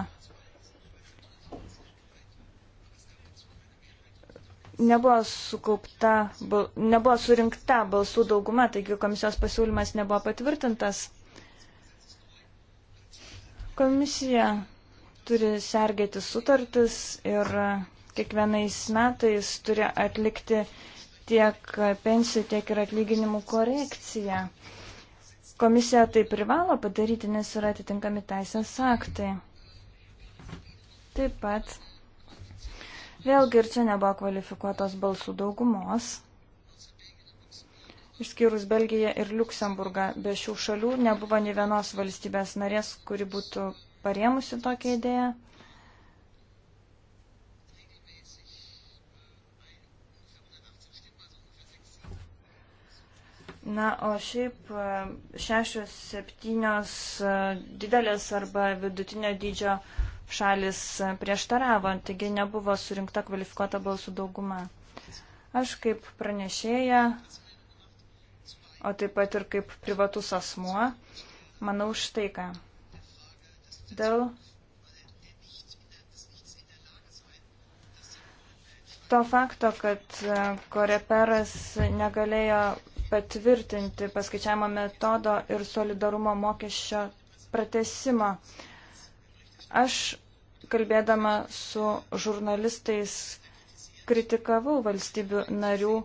nebuvo, sukaupta, nebuvo surinkta balsų dauguma, taigi komisijos pasiūlymas nebuvo patvirtintas. Komisija turi sergėti sutartis ir kiekvienais metais turi atlikti tiek pensijų, tiek ir atlyginimų korekciją. Komisija tai privalo padaryti, nes yra atitinkami teisės aktai. Taip pat Vėlgi ir čia nebuvo kvalifikuotos balsų daugumos. Išskyrus Belgiją ir Luksemburgą, be šių šalių nebuvo nei vienos valstybės narės, kuri būtų parėmusi tokią idėją. Na, o šiaip e, šešios, septynios e, didelės arba vidutinio dydžio šalis prieštaravo, taigi nebuvo surinkta kvalifikuota balsų dauguma. Aš kaip pranešėja, o taip pat ir kaip privatus asmuo, manau štai ką. Dėl to fakto, kad e, koreperas negalėjo patvirtinti paskaičiavimo metodo ir solidarumo mokesčio pratesimo. Uh, Aš kalbėdama su žurnalistais kritikavau valstybių narių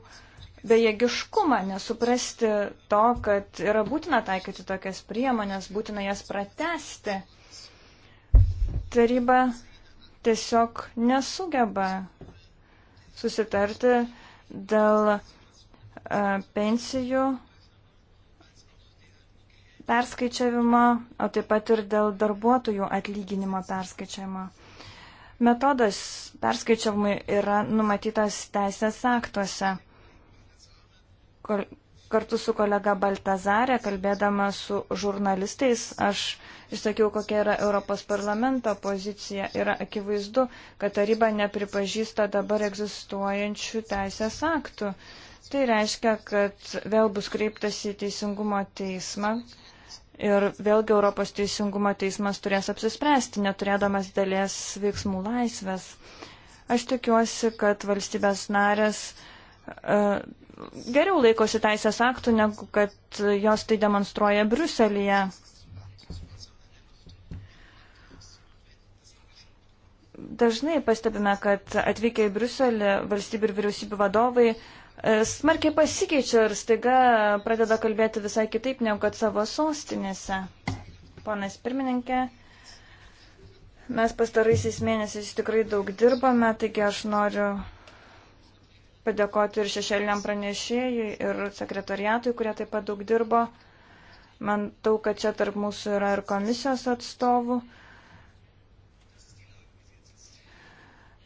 bejėgiškumą, nesuprasti to, kad yra būtina taikyti tokias priemonės, būtina jas pratesti. Taryba tiesiog nesugeba susitarti dėl e, pensijų perskaičiavimo, o taip pat ir dėl darbuotojų atlyginimo perskaičiavimo. Metodas perskaičiavimui yra numatytas teisės aktuose. Kol kartu su kolega Baltazarė, kalbėdama su žurnalistais, aš išsakiau, kokia yra Europos parlamento pozicija. Yra akivaizdu, kad taryba nepripažįsta dabar egzistuojančių teisės aktų. Tai reiškia, kad vėl bus kreiptas į Teisingumo teismą, Ir vėlgi Europos teisingumo teismas turės apsispręsti, neturėdamas dalies veiksmų laisvės. Aš tikiuosi, kad valstybės narės uh, geriau laikosi teisės aktų, negu kad jos tai demonstruoja Bruselėje. Dažnai pastebime, kad atvykę į Bruselį valstybių ir vyriausybių vadovai uh, E, smarkiai pasikeičia ir staiga pradeda kalbėti visai kitaip negu kad savo sostinėse. Ponas pirmininkė, mes pastaraisiais mėnesiais tikrai daug dirbame, taigi aš noriu padėkoti ir šešėliniam pranešėjui, ir sekretariatui, kurie taip pat daug dirbo. Man tau, kad čia tarp mūsų yra ir komisijos atstovų.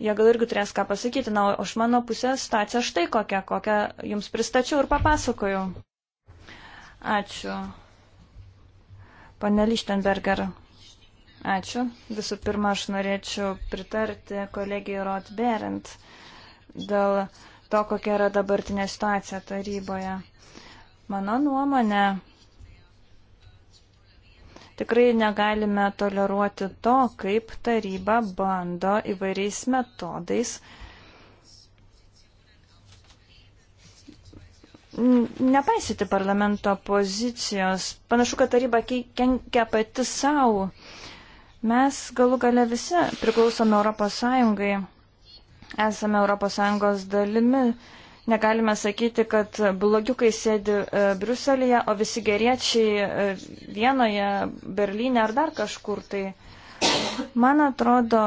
jie gal irgi turės ką pasakyti. Na, o iš mano pusės stacija štai kokia, kokią jums pristačiau ir papasakojau. Ačiū. Pane Lichtenberger. Ačiū. Visų pirma, aš norėčiau pritarti kolegijai Rotberent dėl to, kokia yra dabartinė situacija taryboje. Mano nuomonė, Tikrai negalime toleruoti to, kaip taryba bando įvairiais metodais nepaisyti parlamento pozicijos. Panašu, kad taryba kenkia pati savo. Mes galų gale visi priklausome Europos Sąjungai, esame Europos Sąjungos dalimi Negalime sakyti, kad blogiukai sėdi e, Bruselėje, o visi geriečiai e, Vienoje, Berlyne ar dar kažkur. Tai man atrodo,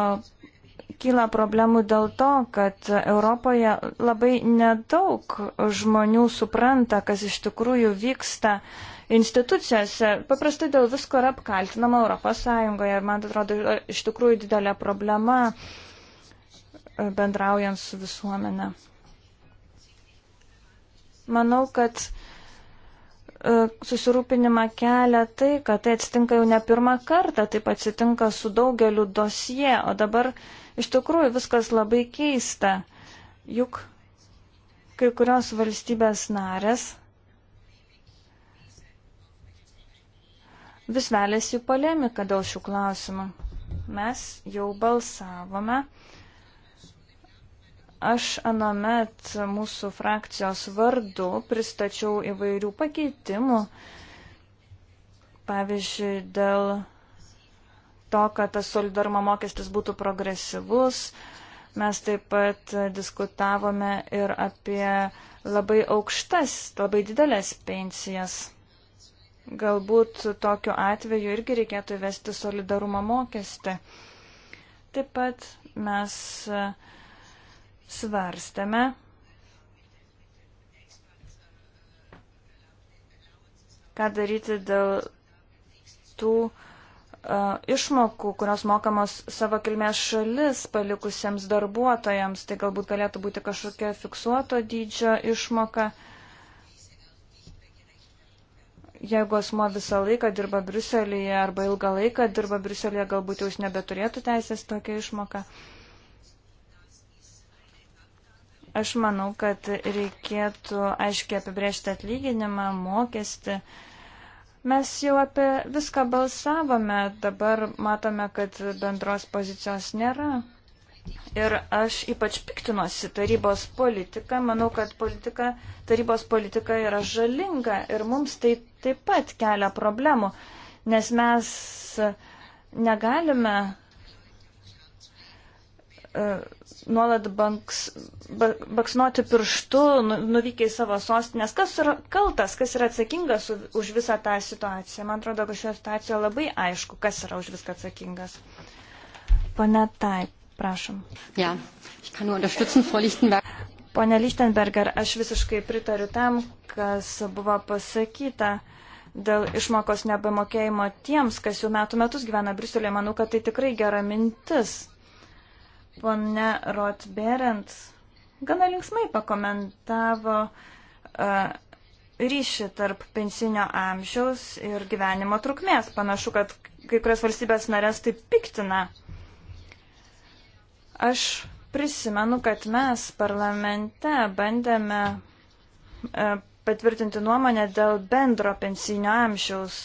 kyla problemų dėl to, kad Europoje labai nedaug žmonių supranta, kas iš tikrųjų vyksta institucijose. Paprastai dėl visko yra apkaltinama Europos Sąjungoje ir man atrodo, iš tikrųjų didelė problema e, bendraujant su visuomenė. Manau, kad e, susirūpinimą kelia tai, kad tai atsitinka jau ne pirmą kartą, taip atsitinka su daugeliu dosie, o dabar iš tikrųjų viskas labai keista. Juk kai kurios valstybės narės vis velėsi polemiką dėl šių klausimų. Mes jau balsavome Aš anomet mūsų frakcijos vardu pristačiau įvairių pakeitimų, pavyzdžiui, dėl to, kad tas solidarumo mokestis būtų progresyvus. Mes taip pat diskutavome ir apie labai aukštas, labai didelės pensijas. Galbūt tokiu atveju irgi reikėtų įvesti solidarumo mokestį. Taip pat mes uh, svarstame, ką daryti dėl tų uh, išmokų, kurios mokamos savo kilmės šalis palikusiems darbuotojams. Tai galbūt galėtų būti kažkokia fiksuoto dydžio išmoka. Jeigu asmo visą laiką dirba Briuselėje arba ilgą laiką dirba Briuselėje, galbūt jau jis nebeturėtų teisės tokią išmoką. Uh, Aš manau, kad reikėtų aiškiai apibriežti atlyginimą, mokestį. Mes jau apie viską balsavome, dabar matome, kad bendros pozicijos nėra. Ir aš ypač piktinuosi tarybos politiką, manau, kad politika, tarybos politika yra žalinga ir mums tai taip pat kelia problemų, nes mes negalime E, nuolat banks, baksnuoti pirštu, nu, nuvykę į savo sostinės. Kas yra kaltas, kas yra atsakingas už visą tą situaciją? Man atrodo, kad šioje situacijoje labai aišku, kas yra už viską atsakingas. Pane Taip, prašom. Ja, ich kann nur unterstützen, Frau Lichtenberg. Pone Lichtenberger, aš visiškai pritariu tam, kas buvo pasakyta dėl išmokos nebemokėjimo tiems, kas jau metų metus gyvena Briuselėje. Manau, kad tai tikrai gera mintis. Pone Rotberent gana linksmai pakomentavo uh, ryšį tarp pensinio amžiaus ir gyvenimo trukmės. Panašu, kad kai kurias valstybės narės tai piktina. Aš prisimenu, kad mes parlamente bandėme uh, patvirtinti nuomonę dėl bendro pensinio amžiaus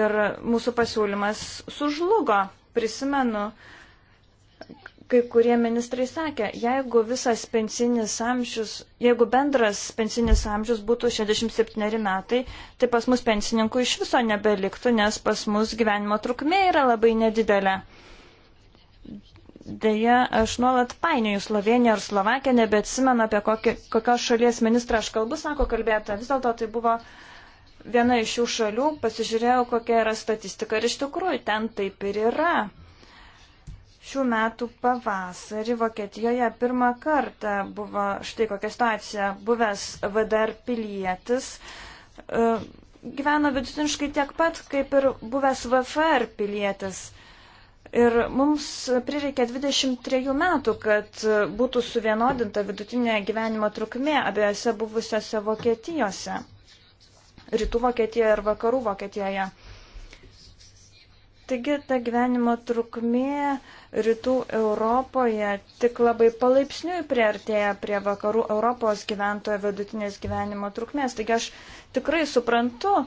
ir mūsų pasiūlymas sužlugo. Prisimenu, uh, kai kurie ministrai sakė, jeigu visas pensinis amžius, jeigu bendras pensinis amžius būtų 67 metai, tai pas mus pensininkų iš viso nebeliktų, nes pas mus gyvenimo trukmė yra labai nedidelė. Deja, aš nuolat painioju Sloveniją ar Slovakiją, nebeatsimenu, apie kokį, kokios šalies ministrą aš kalbu, sako kalbėta. Vis dėlto tai buvo viena iš šių šalių, pasižiūrėjau, kokia yra statistika ir iš tikrųjų ten taip ir yra. Šių metų pavasarį Vokietijoje pirmą kartą buvo štai kokia situacija. Buvęs VDR pilietis e, gyveno vidutiniškai tiek pat, kaip ir buvęs VFR pilietis. Ir mums prireikė 23 metų, kad būtų suvienodinta vidutinė gyvenimo trukmė abiejose buvusiose Vokietijose. Rytų Vokietijoje ir Vakarų Vokietijoje. Taigi ta gyvenimo trukmė rytų Europoje tik labai palaipsniui priartėja prie vakarų Europos gyventojo vidutinės gyvenimo trukmės. Taigi aš tikrai suprantu e,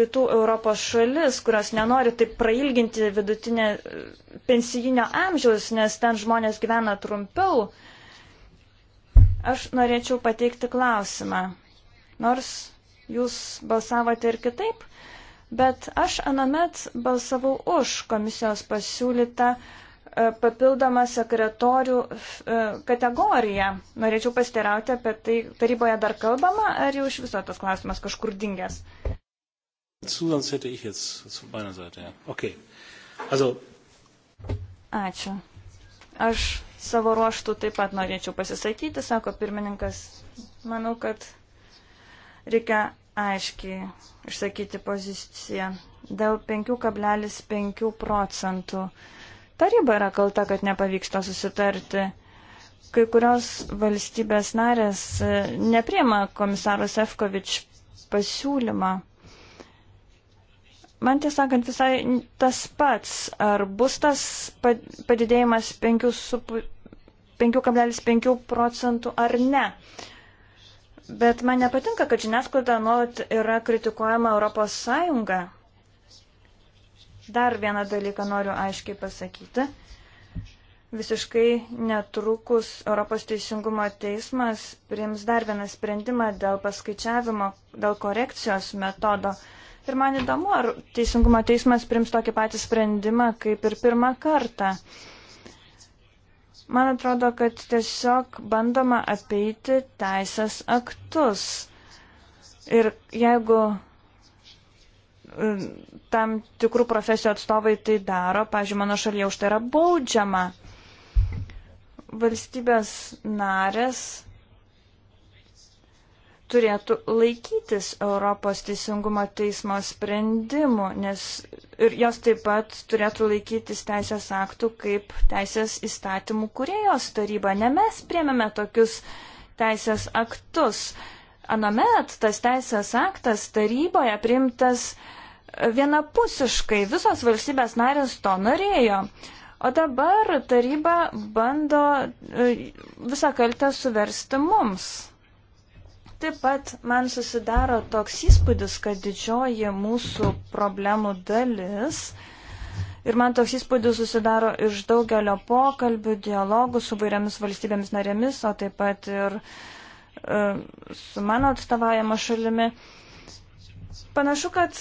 rytų Europos šalis, kurios nenori taip prailginti vidutinę e, pensijinio amžiaus, nes ten žmonės gyvena trumpiau. Aš norėčiau pateikti klausimą. Nors jūs balsavote ir kitaip, bet aš anomet balsavau už komisijos pasiūlytą e, papildomą sekretorių e, kategoriją. Norėčiau pasiteirauti apie tai, taryboje dar kalbama, ar jau iš viso tas klausimas kažkur dingęs. Ačiū. Aš savo ruoštų taip pat norėčiau pasisakyti, sako pirmininkas. Manau, kad reikia aiškiai išsakyti poziciją dėl 5,5 procentų. Taryba yra kalta, kad nepavyksta susitarti. Kai kurios valstybės narės e, nepriema komisaro Sefkovič pasiūlymą. Man tiesąkant visai tas pats, ar bus tas padidėjimas 5,5 procentų ar ne. Uh, Bet man nepatinka, kad žiniasklaida nuolat yra kritikuojama Europos Sąjunga. Dar vieną dalyką noriu aiškiai pasakyti. Visiškai netrukus Europos Teisingumo teismas priims dar vieną sprendimą dėl paskaičiavimo, dėl korekcijos metodo. Ir man įdomu, ar Teisingumo teismas priims tokį patį sprendimą kaip ir pirmą kartą. Uh, Man atrodo, kad tiesiog bandoma apeiti teisės aktus. Ir jeigu e, tam tikrų profesijų atstovai tai daro, pažiūrėjau, mano šalyje už tai yra baudžiama. Valstybės narės turėtų laikytis Europos teisingumo teismo sprendimų, nes ir jos taip pat turėtų laikytis teisės aktų kaip teisės įstatymų kuriejos taryba. Ne mes priemėme tokius teisės aktus. Anomet tas teisės aktas taryboje priimtas vienapusiškai, visos valstybės narės to norėjo. O dabar taryba bando e, visą kaltę suversti mums. Taip pat man susidaro toks įspūdis, kad didžioji mūsų problemų dalis ir man toks įspūdis susidaro iš daugelio pokalbių, dialogų su vairiamis valstybėmis narėmis, o taip pat ir e, su mano atstovaujama šalimi. Panašu, kad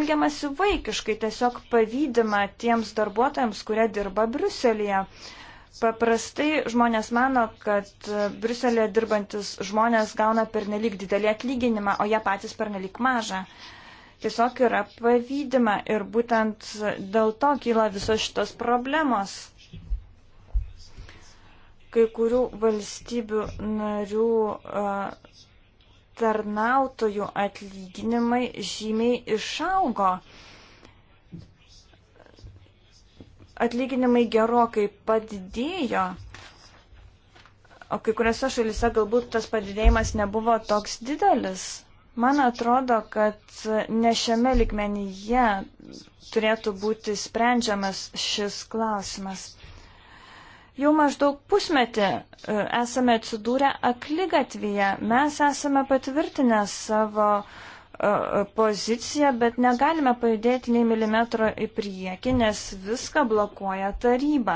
elgiamasi vaikiškai, tiesiog pavydima tiems darbuotojams, kurie dirba Bruselėje. E, Paprastai žmonės mano, kad e, Briuselėje dirbantis žmonės gauna pernelyg didelį atlyginimą, o jie patys pernelyg mažą. Tiesiog yra pavydima ir būtent dėl to kyla visos šitos problemos. Kai kurių valstybių narių e, tarnautojų atlyginimai žymiai išaugo. atlyginimai gerokai padidėjo, o kai kuriuose šalyse galbūt tas padidėjimas nebuvo toks didelis. Man atrodo, kad ne šiame likmenyje turėtų būti sprendžiamas šis klausimas. Jau maždaug pusmetį e, esame atsidūrę aklygatvyje. Mes esame patvirtinę savo uh, poziciją, bet negalime pajudėti nei milimetro į priekį, nes viską blokuoja taryba.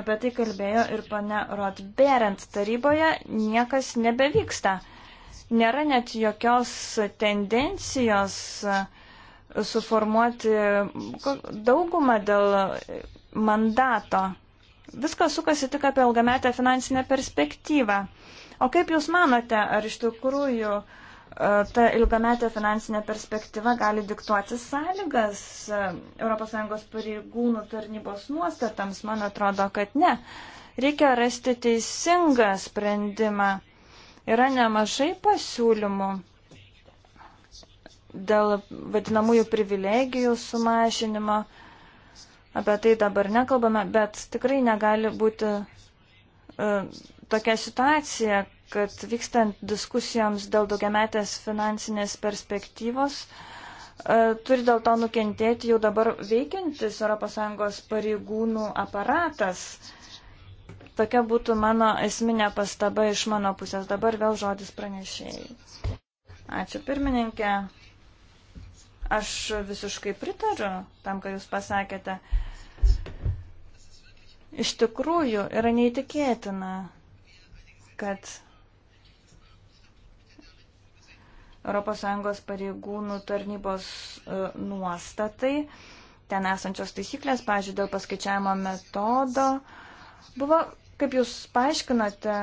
Apie tai kalbėjo ir pane Rotberent. Taryboje niekas nebevyksta. Nėra net jokios tendencijos suformuoti daugumą dėl mandato. Viskas sukasi tik apie ilgametę finansinę perspektyvą. O kaip Jūs manote, ar iš tikrųjų uh, ta ilgametė finansinė perspektyva gali diktuoti sąlygas ES pareigūnų tarnybos nuostatams. Man atrodo, kad ne. Reikia rasti teisingą sprendimą. Yra nemažai pasiūlymų dėl vadinamųjų privilegijų sumažinimo. Apie tai dabar nekalbame, bet tikrai negali būti uh, tokia situacija, kad vykstant diskusijoms dėl daugiametės finansinės perspektyvos e, turi dėl to nukentėti jau dabar veikiantis ES pareigūnų aparatas. Tokia būtų mano esminė pastaba iš mano pusės. Dabar vėl žodis pranešėjai. Ačiū pirmininkė. Aš visiškai pritariu tam, ką Jūs pasakėte. Iš tikrųjų yra neįtikėtina, kad ES pareigūnų tarnybos e, nuostatai, ten esančios taisyklės, pažiūrėjau, dėl paskaičiavimo metodo. Buvo, kaip jūs paaiškinote,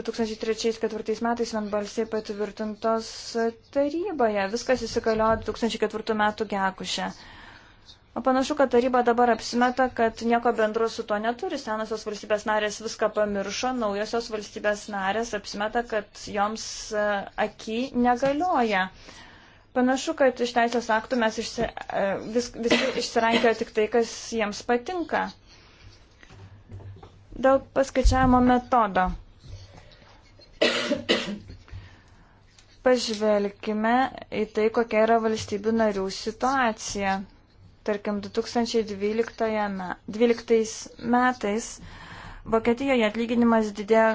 2003-2004 metais vienbalsiai patvirtintos taryboje. Viskas įsigaliojo 2004 metų gegužę. O panašu, kad taryba dabar apsimeta, kad nieko bendro su tuo neturi. Senosios valstybės narės viską pamiršo, naujosios valstybės narės apsimeta, kad joms e, aki negalioja. Panašu, kad iš teisės aktų mes išsi, e, vis, visi išsirankio tik tai, kas jiems patinka. Dėl paskaičiavimo metodo. Pažvelkime į tai, kokia yra valstybių narių situacija. Tarkim, 2012 metais Vokietijoje atlyginimas didėjo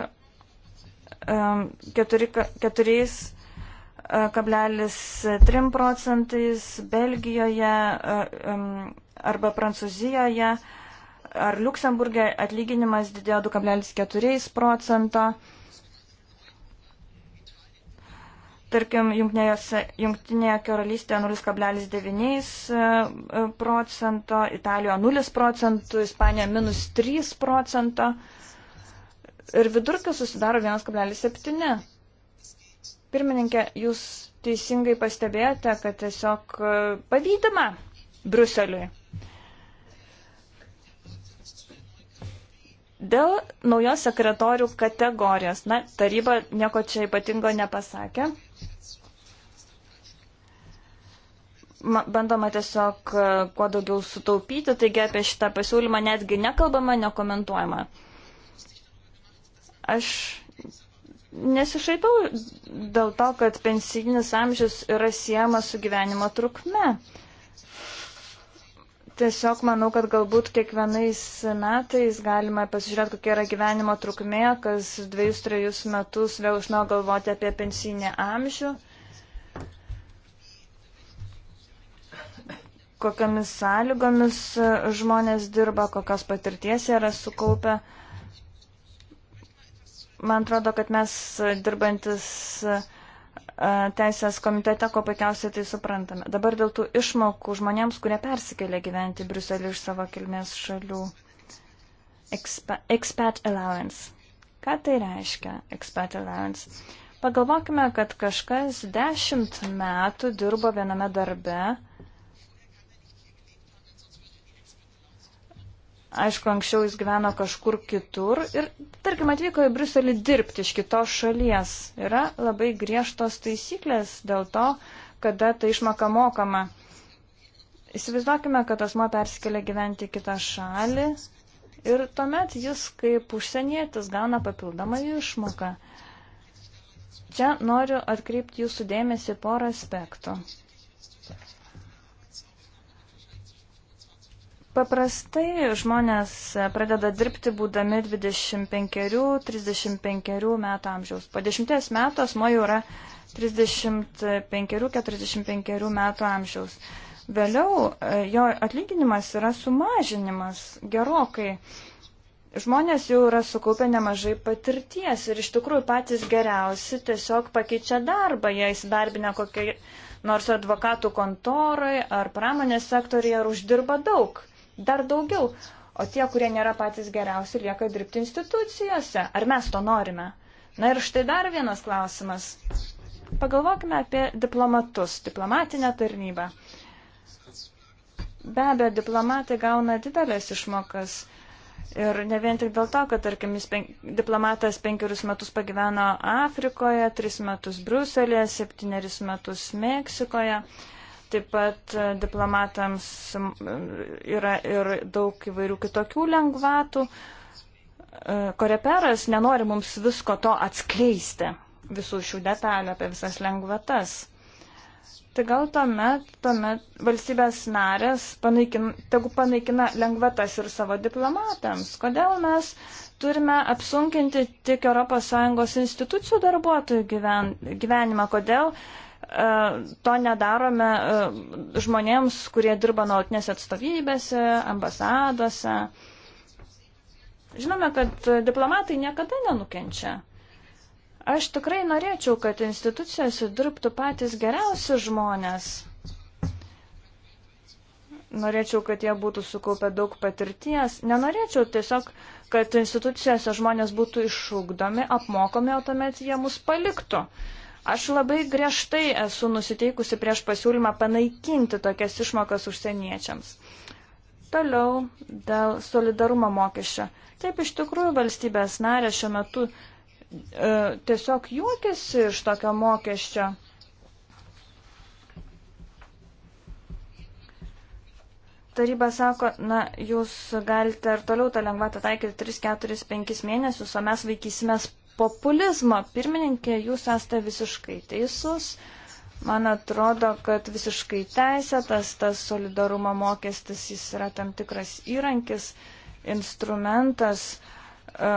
4,3 e, procentais, Belgijoje e, arba Prancūzijoje ar Luksemburgė atlyginimas didėjo 2,4 procento. Tarkim, jungtinėje karalystėje 0,9 e, e, procento, Italijoje 0 procentų, Ispanijoje minus 3 procento ir vidurkis susidaro 1,7. Pirmininkė, jūs teisingai pastebėjote, kad tiesiog e, pavydama Bruseliui. Dėl naujos sekretorių kategorijos, na, taryba nieko čia ypatingo nepasakė. bandoma tiesiog e, kuo daugiau sutaupyti, taigi apie šitą pasiūlymą netgi nekalbama, nekomentuojama. Aš nesišaipau dėl to, kad pensijinis amžius yra siejamas su gyvenimo trukme. Tiesiog manau, kad galbūt kiekvienais metais galima pasižiūrėti, kokia yra gyvenimo trukmė, kas dviejus, trejus metus vėl iš naujo galvoti apie pensinį amžių. kokiamis sąlygomis žmonės dirba, kokios patirties yra sukaupę. Man atrodo, kad mes dirbantis e, teisės komitete, ko puikiausiai tai suprantame. Dabar dėl tų išmokų žmonėms, kurie persikėlė gyventi Bruselį iš savo kilmės šalių. Expa, expat allowance. Ką tai reiškia expat allowance? Pagalvokime, kad kažkas dešimt metų dirbo viename darbe Aišku, anksčiau jis gyveno kažkur kitur ir, tarkim, atvyko į Bruselį dirbti iš kitos šalies. Yra labai griežtos taisyklės dėl to, kada ta išmoka mokama. Įsivaizduokime, kad asmo persikelia gyventi į kitą šalį ir tuomet jis kaip užsienietis gauna papildomą išmoką. Čia noriu atkreipti jūsų dėmesį porą aspektų. Paprastai žmonės pradeda dirbti būdami 25-35 metų amžiaus. Po 10 metų asmo jau yra 35-45 metų amžiaus. Vėliau e, jo atlyginimas yra sumažinimas gerokai. Žmonės jau yra sukaupę nemažai patirties ir iš tikrųjų patys geriausi tiesiog pakeičia darbą, jie įsidarbinę kokiai nors advokatų kontorai ar pramonės sektoriai ar uždirba daug dar daugiau, o tie, kurie nėra patys geriausi, lieka dirbti institucijose. Ar mes to norime? Na ir štai dar vienas klausimas. Pagalvokime apie diplomatus, diplomatinę tarnybą. Be abejo, diplomatai gauna didelės išmokas. Ir ne vien tik dėl to, kad, tarkim, jis pen, diplomatas penkerius metus pagyveno Afrikoje, tris metus Bruselėje, septynerius metus Meksikoje. Uh, Taip pat diplomatams yra ir daug įvairių kitokių lengvatų. E, koreperas nenori mums visko to atskleisti, visų šių detalių apie visas lengvatas. Tai gal tuomet, tuomet valstybės narės panaikin, tegu panaikina lengvatas ir savo diplomatams. Kodėl mes turime apsunkinti tik ES institucijų darbuotojų gyven, gyvenimą? Kodėl uh, E, to nedarome e, žmonėms, kurie dirba nuolatinėse atstovybėse, ambasadose. Žinome, kad diplomatai niekada nenukenčia. Aš tikrai norėčiau, kad institucijose dirbtų patys geriausi žmonės. Norėčiau, kad jie būtų sukaupę daug patirties. Nenorėčiau tiesiog, kad institucijose žmonės būtų iššūkdomi, apmokomi, o tuomet jie mus paliktų. Uh, Aš labai griežtai esu nusiteikusi prieš pasiūlymą panaikinti tokias išmokas užsieniečiams. Toliau dėl solidarumo mokesčio. Taip iš tikrųjų valstybės narė šiuo metu e, tiesiog juokiasi iš tokio mokesčio. Taryba sako, na, jūs galite ir toliau tą lengvatą taikyti 3, 4, 5 mėnesius, o mes vaikysimės populizmo. Pirmininkė, jūs esate visiškai teisus. Man atrodo, kad visiškai teisėtas tas solidarumo mokestis, jis yra tam tikras įrankis, instrumentas, e,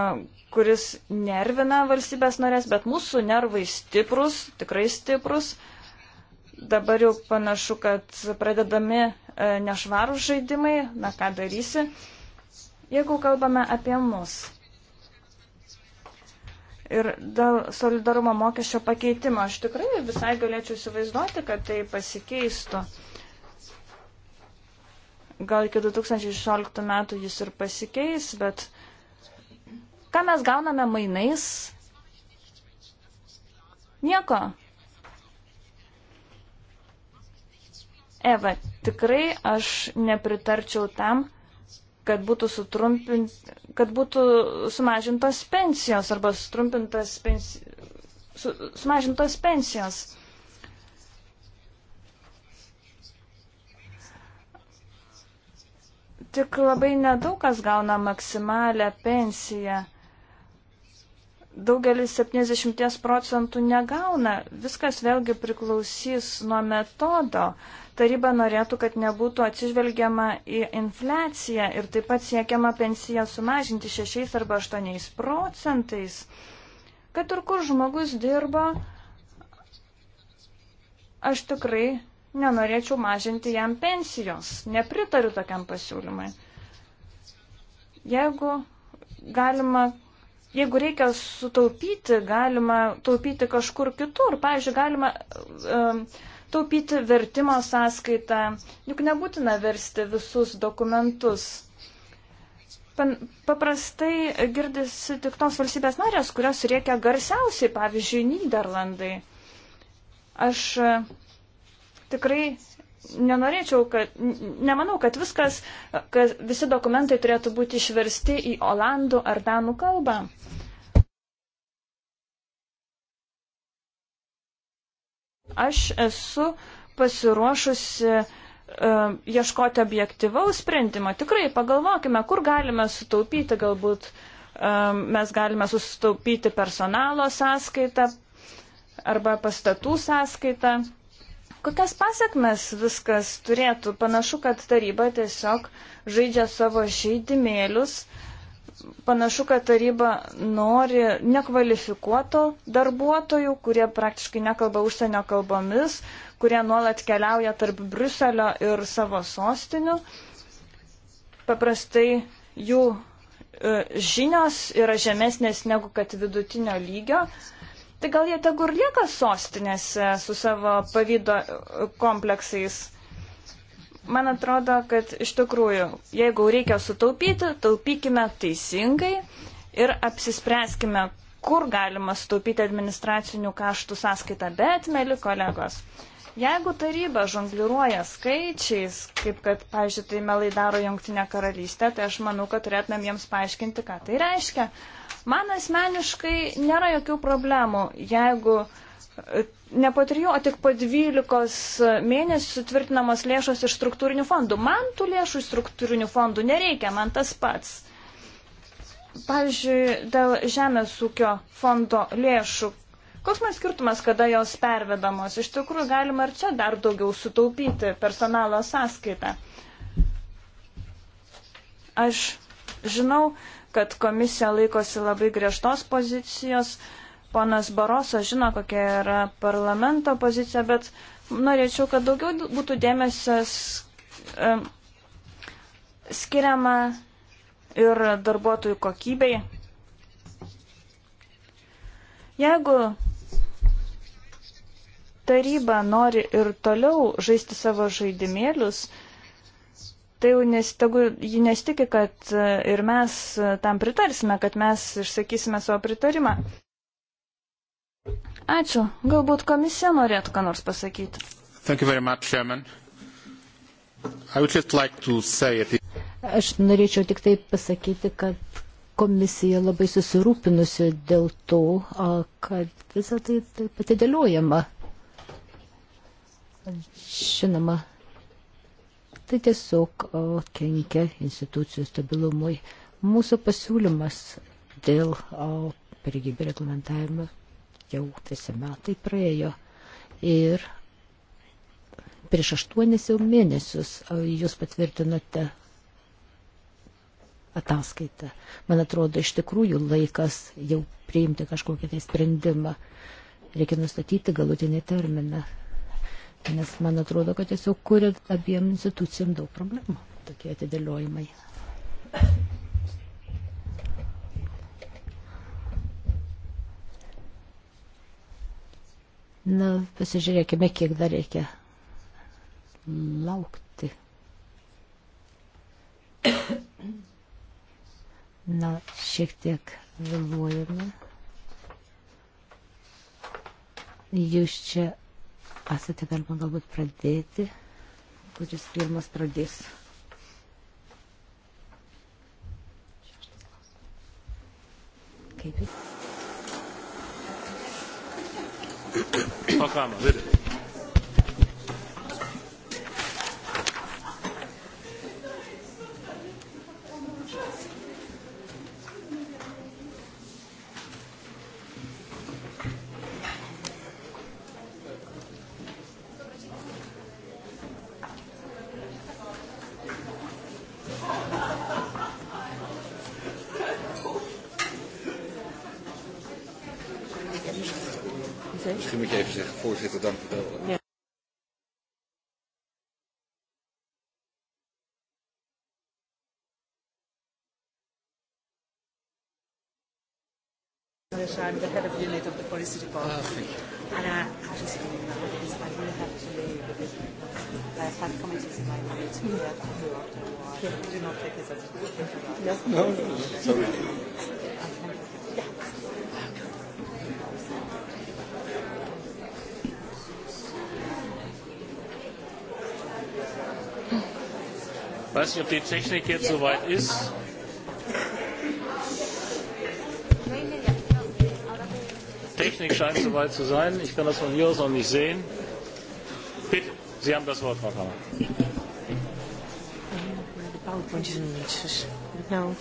kuris nervina valstybės norės, bet mūsų nervai stiprus, tikrai stiprus. Dabar jau panašu, kad pradedami e, nešvarų žaidimai, na ką darysi, jeigu kalbame apie mus. Ir dėl solidarumo mokesčio pakeitimo aš tikrai visai galėčiau įsivaizduoti, kad tai pasikeistų. Gal iki 2016 metų jis ir pasikeis, bet ką mes gauname mainais? Nieko. Eva, tikrai aš nepritarčiau tam, kad būtų, kad būtų sumažintos pensijos arba sutrumpintas pensi, su, sumažintos pensijos. Tik labai nedaug kas gauna maksimalę pensiją. Daugelis 70 procentų negauna. Viskas vėlgi priklausys nuo metodo. Uh, Taryba norėtų, kad nebūtų atsižvelgiama į infliaciją ir taip pat siekiama pensiją sumažinti 6 arba 8 procentais. Kad ir kur žmogus dirba, aš tikrai nenorėčiau mažinti jam pensijos. Nepritariu tokiam pasiūlymui. Jeigu galima, jeigu reikia sutaupyti, galima taupyti kažkur kitur. Pavyzdžiui, galima um, e, taupyti vertimo sąskaitą, juk nebūtina versti visus dokumentus. Pan, paprastai girdisi tik tos valstybės narės, kurios reikia garsiausiai, pavyzdžiui, Niderlandai. Aš e, tikrai nenorėčiau, kad, nemanau, kad viskas, kad visi dokumentai turėtų būti išversti į olandų ar danų kalbą. Aš esu pasiruošusi e, ieškoti objektivaus sprendimo. Tikrai pagalvokime, kur galime sutaupyti, galbūt e, mes galime susitaupyti personalo sąskaitą arba pastatų sąskaitą. Kokias pasiekmes viskas turėtų? Panašu, kad taryba tiesiog žaidžia savo žaidimėlius, uh, panašu, kad taryba nori nekvalifikuoto darbuotojų, kurie praktiškai nekalba užsienio kalbomis, kurie nuolat keliauja tarp Bruselio ir savo sostinių. Paprastai jų e, žinios yra žemesnės negu kad vidutinio lygio. Tai gal jie tegur lieka sostinėse su savo pavydo e, kompleksais. Man atrodo, kad iš tikrųjų, jeigu reikia sutaupyti, taupykime teisingai ir apsispręskime, kur galima sutaupyti administracinių kaštų sąskaitą. Bet, mėly kolegos, jeigu taryba žongliruoja skaičiais, kaip kad, pavyzdžiui, tai melai daro Junktinė karalystė, tai aš manau, kad turėtumėm jiems paaiškinti, ką tai reiškia. Man asmeniškai nėra jokių problemų, jeigu uh, ne po trijų, o tik po dvylikos mėnesių sutvirtinamos lėšos iš struktūrinių fondų. Man tų lėšų iš struktūrinių fondų nereikia, man tas pats. Pavyzdžiui, dėl žemės ūkio fondo lėšų. Koks man skirtumas, kada jos pervedamos? Iš tikrųjų, galima ir čia dar daugiau sutaupyti personalo sąskaitą. Aš žinau, kad komisija laikosi labai griežtos pozicijos, uh, Ponas Baroso žino, kokia yra parlamento pozicija, bet norėčiau, kad daugiau būtų dėmesio e, skiriama ir darbuotojų kokybei. Jeigu taryba nori ir toliau žaisti savo žaidimėlius, tai jau nesitegu, ji nesitikė, kad e, ir mes tam pritarsime, kad mes išsakysime savo pritarimą. Ačiū. Galbūt komisija norėtų ką nors pasakyti. Much, like Aš norėčiau tik taip pasakyti, kad komisija labai susirūpinusi dėl to, kad visą tai taip atidėliojama. Žinoma, tai tiesiog kenkia institucijų stabilumui. Mūsų pasiūlymas dėl pareigybių reglamentavimo jau visi metai praėjo. Ir prieš aštuonis jau mėnesius jūs patvirtinote ataskaitą. Man atrodo, iš tikrųjų laikas jau priimti kažkokį tai sprendimą. Reikia nustatyti galutinį terminą. Nes man atrodo, kad tiesiog kuria abiem institucijom daug problemų tokie atidėliojimai. Na, pasižiūrėkime, kiek dar reikia laukti. Na, šiek tiek vėluojame. Jūs čia esate galima galbūt pradėti, kuris pirmas pradės. Kaip jis? Frau Kramer, bitte. that I'm the head of unit of the policy department. Oh, thank you. And I, I just couldn't now because I will have to leave. I have committees in my mind to that after a while. I do not take this as a good No, no, no. no. Sorry. Yeah. Ich weiß nicht, ob die Technik jetzt soweit ist. Technik scheint soweit zu sein. Ich kann das von hier aus noch nicht sehen. Bitte, Sie haben das Wort, Frau Kammer. PowerPoint isn't no.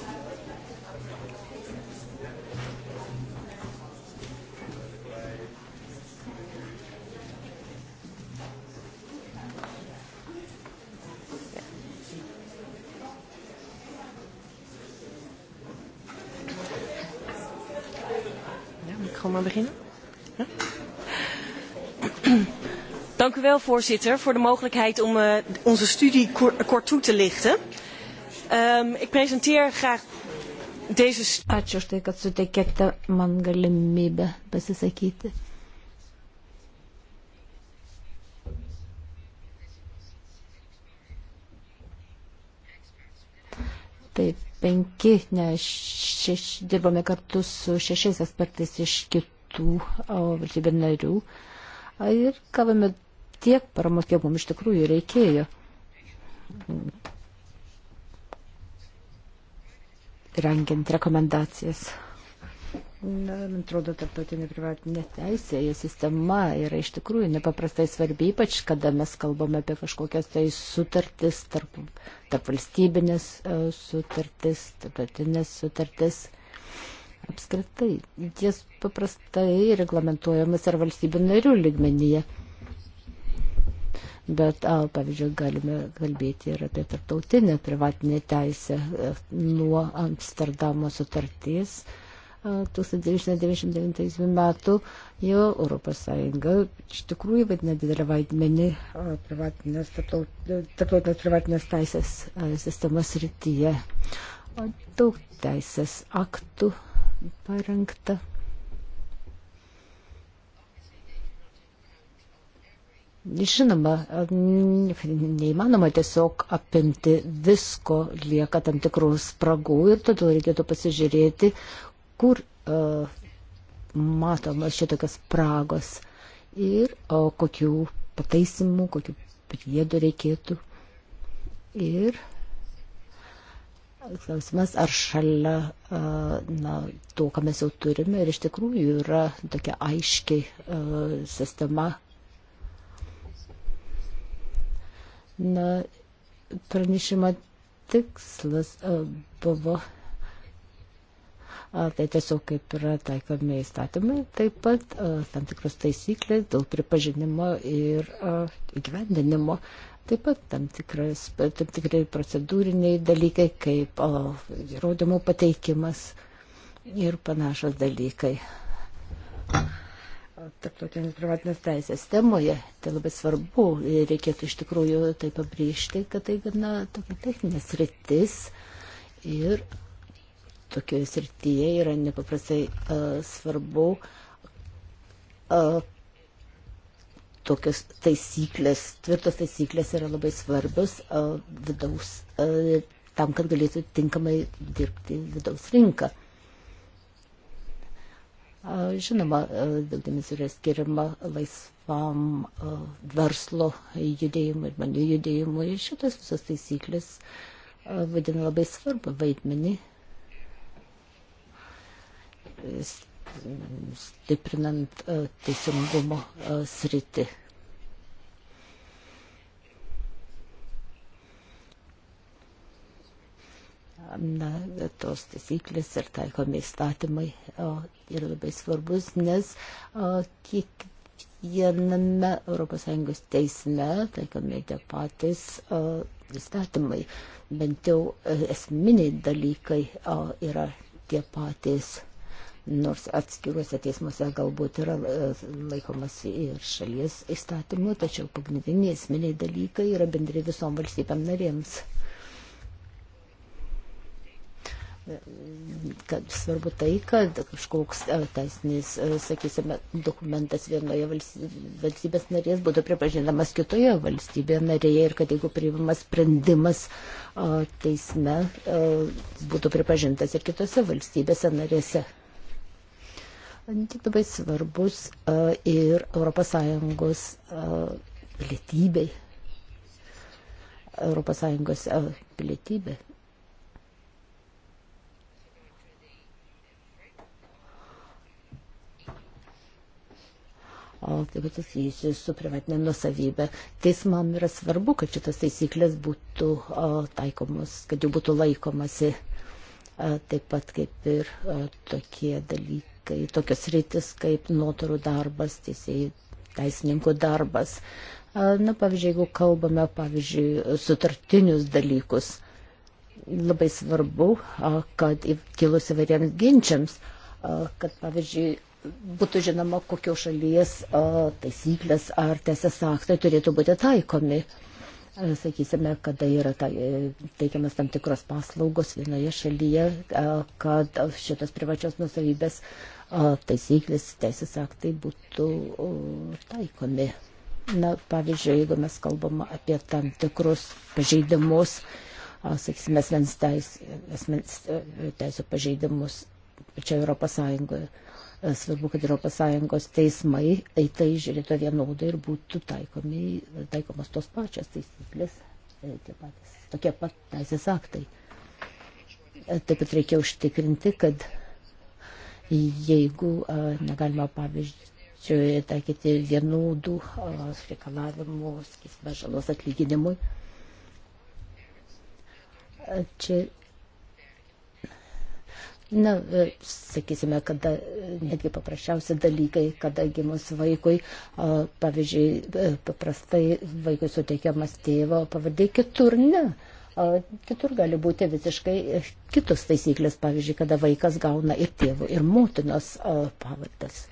wel, voorzitter, voor de mogelijkheid om uh, onze studie ko kort toe te lichten. Um, ik presenteer graag deze studie. Ačiū už tai, kad suteikėte man galimybę pasisakyti. Taip, penki, nes šeš, dirbame kartu su šešiais ekspertais iš kitų valstybės narių ir gavome tiek paramos, kiek mums iš tikrųjų reikėjo. Rengiant rekomendacijas. Na, man atrodo, tarptautinė privatinė teisėje sistema yra iš tikrųjų nepaprastai svarbi, ypač kada mes kalbame apie kažkokias tai sutartis, tarp, tarp valstybinės e, sutartis, tarptautinės sutartis. Apskritai, jas paprastai reglamentuojamas ir valstybių narių lygmenyje bet, a, pavyzdžiui, galime kalbėti ir apie tarptautinę privatinę teisę e, nuo Amsterdamo sutarties. 1999 metų jau Europos Sąjunga iš tikrųjų vadina didelį vaidmenį privatinės, tarptautinės privatinės teisės sistemos rytyje. Daug teisės aktų parengta Žinoma, neįmanoma tiesiog apimti visko, lieka tam tikrų spragų ir todėl reikėtų pasižiūrėti, kur uh, matomas šitokios spragos ir o, kokių pataisimų, kokių priedų reikėtų. Ir klausimas, ar šalia e, na, to, ką mes jau turime, ir iš tikrųjų yra tokia aiškiai e, sistema, Na, pranešimo tikslas e, buvo. A, tai tiesiog kaip yra taikomi įstatymai, taip pat a, e, tam tikros taisyklės dėl pripažinimo ir e, įgyvendinimo, taip pat tam, tikras, tam tikrai procedūriniai dalykai kaip a, įrodymų pateikimas ir panašas dalykai tarptautinės privatinės teisės temoje. Tai labai svarbu, reikėtų iš tikrųjų tai pabrėžti, kad tai gana tokia techninė sritis ir tokioje srityje yra nepaprastai uh, svarbu uh, tokios taisyklės, tvirtos taisyklės yra labai svarbios uh, vidaus, uh, tam, kad galėtų tinkamai dirbti vidaus rinką. Žinoma, daug dėmesio yra skiriama laisvam verslo judėjimui ir manių judėjimui. Šitas visas taisyklės vadina labai svarbu vaidmenį, stiprinant teisingumo sritį. na, tos taisyklės ir taikomi įstatymai o, yra labai svarbus, nes o, kiek viename ES teisme taikomi tie patys o, įstatymai, bent jau e, esminiai dalykai o, yra tie patys nors atskiruose teismuose galbūt yra e, laikomas ir šalies įstatymų, tačiau pagrindiniai esminiai dalykai yra bendri visom valstybėm narėms. kad svarbu tai, kad kažkoks e, teisinis, e, sakysime, dokumentas vienoje valstybės narės būtų pripažinamas kitoje valstybėje narėje ir kad jeigu priimamas sprendimas e, teisme būtų pripažintas ir kitose valstybėse narėse. Tik labai svarbus ir ES pilietybei. ES pilietybė taip pat susijusių su privatinė nusavybė. Teismam yra svarbu, kad šitas taisyklės būtų taikomos, kad jų būtų laikomasi. Taip pat kaip ir tokie dalykai, tokios rytis kaip notarų darbas, teisėjai, teisininkų darbas. Na, pavyzdžiui, jeigu kalbame, pavyzdžiui, sutartinius dalykus, labai svarbu, kad kilus įvairiems ginčiams, kad, pavyzdžiui, būtų žinoma, kokios šalies taisyklės ar teisės aktai turėtų būti taikomi. Sakysime, kada yra ta, e, teikiamas tam tikros paslaugos vienoje šalyje, kad šitos privačios nusavybės taisyklės, teisės aktai būtų taikomi. Na, pavyzdžiui, jeigu mes kalbam apie tam tikrus pažeidimus, sakysime, asmens e, teisų pažeidimus čia Europos Sąjungoje. Svarbu, kad ES teismai į tai žiūrėtų vienodai ir būtų taikomi, taikomas tos pačios taisyklės, e, tie patys, tokie pat teisės aktai. E, taip pat reikia užtikrinti, kad jeigu e, negalima, pavyzdžiui, taikyti vienodų reikalavimų, sakysime, žalos atlyginimui, čia Na, e, sakysime, kada netgi paprasčiausi dalykai, kada gimus vaikui, pavyzdžiui, e, paprastai vaikui suteikiamas tėvo pavardė kitur, ne. Kitur gali būti visiškai e, kitos taisyklės, pavyzdžiui, kada vaikas gauna ir tėvų, ir motinos pavardas.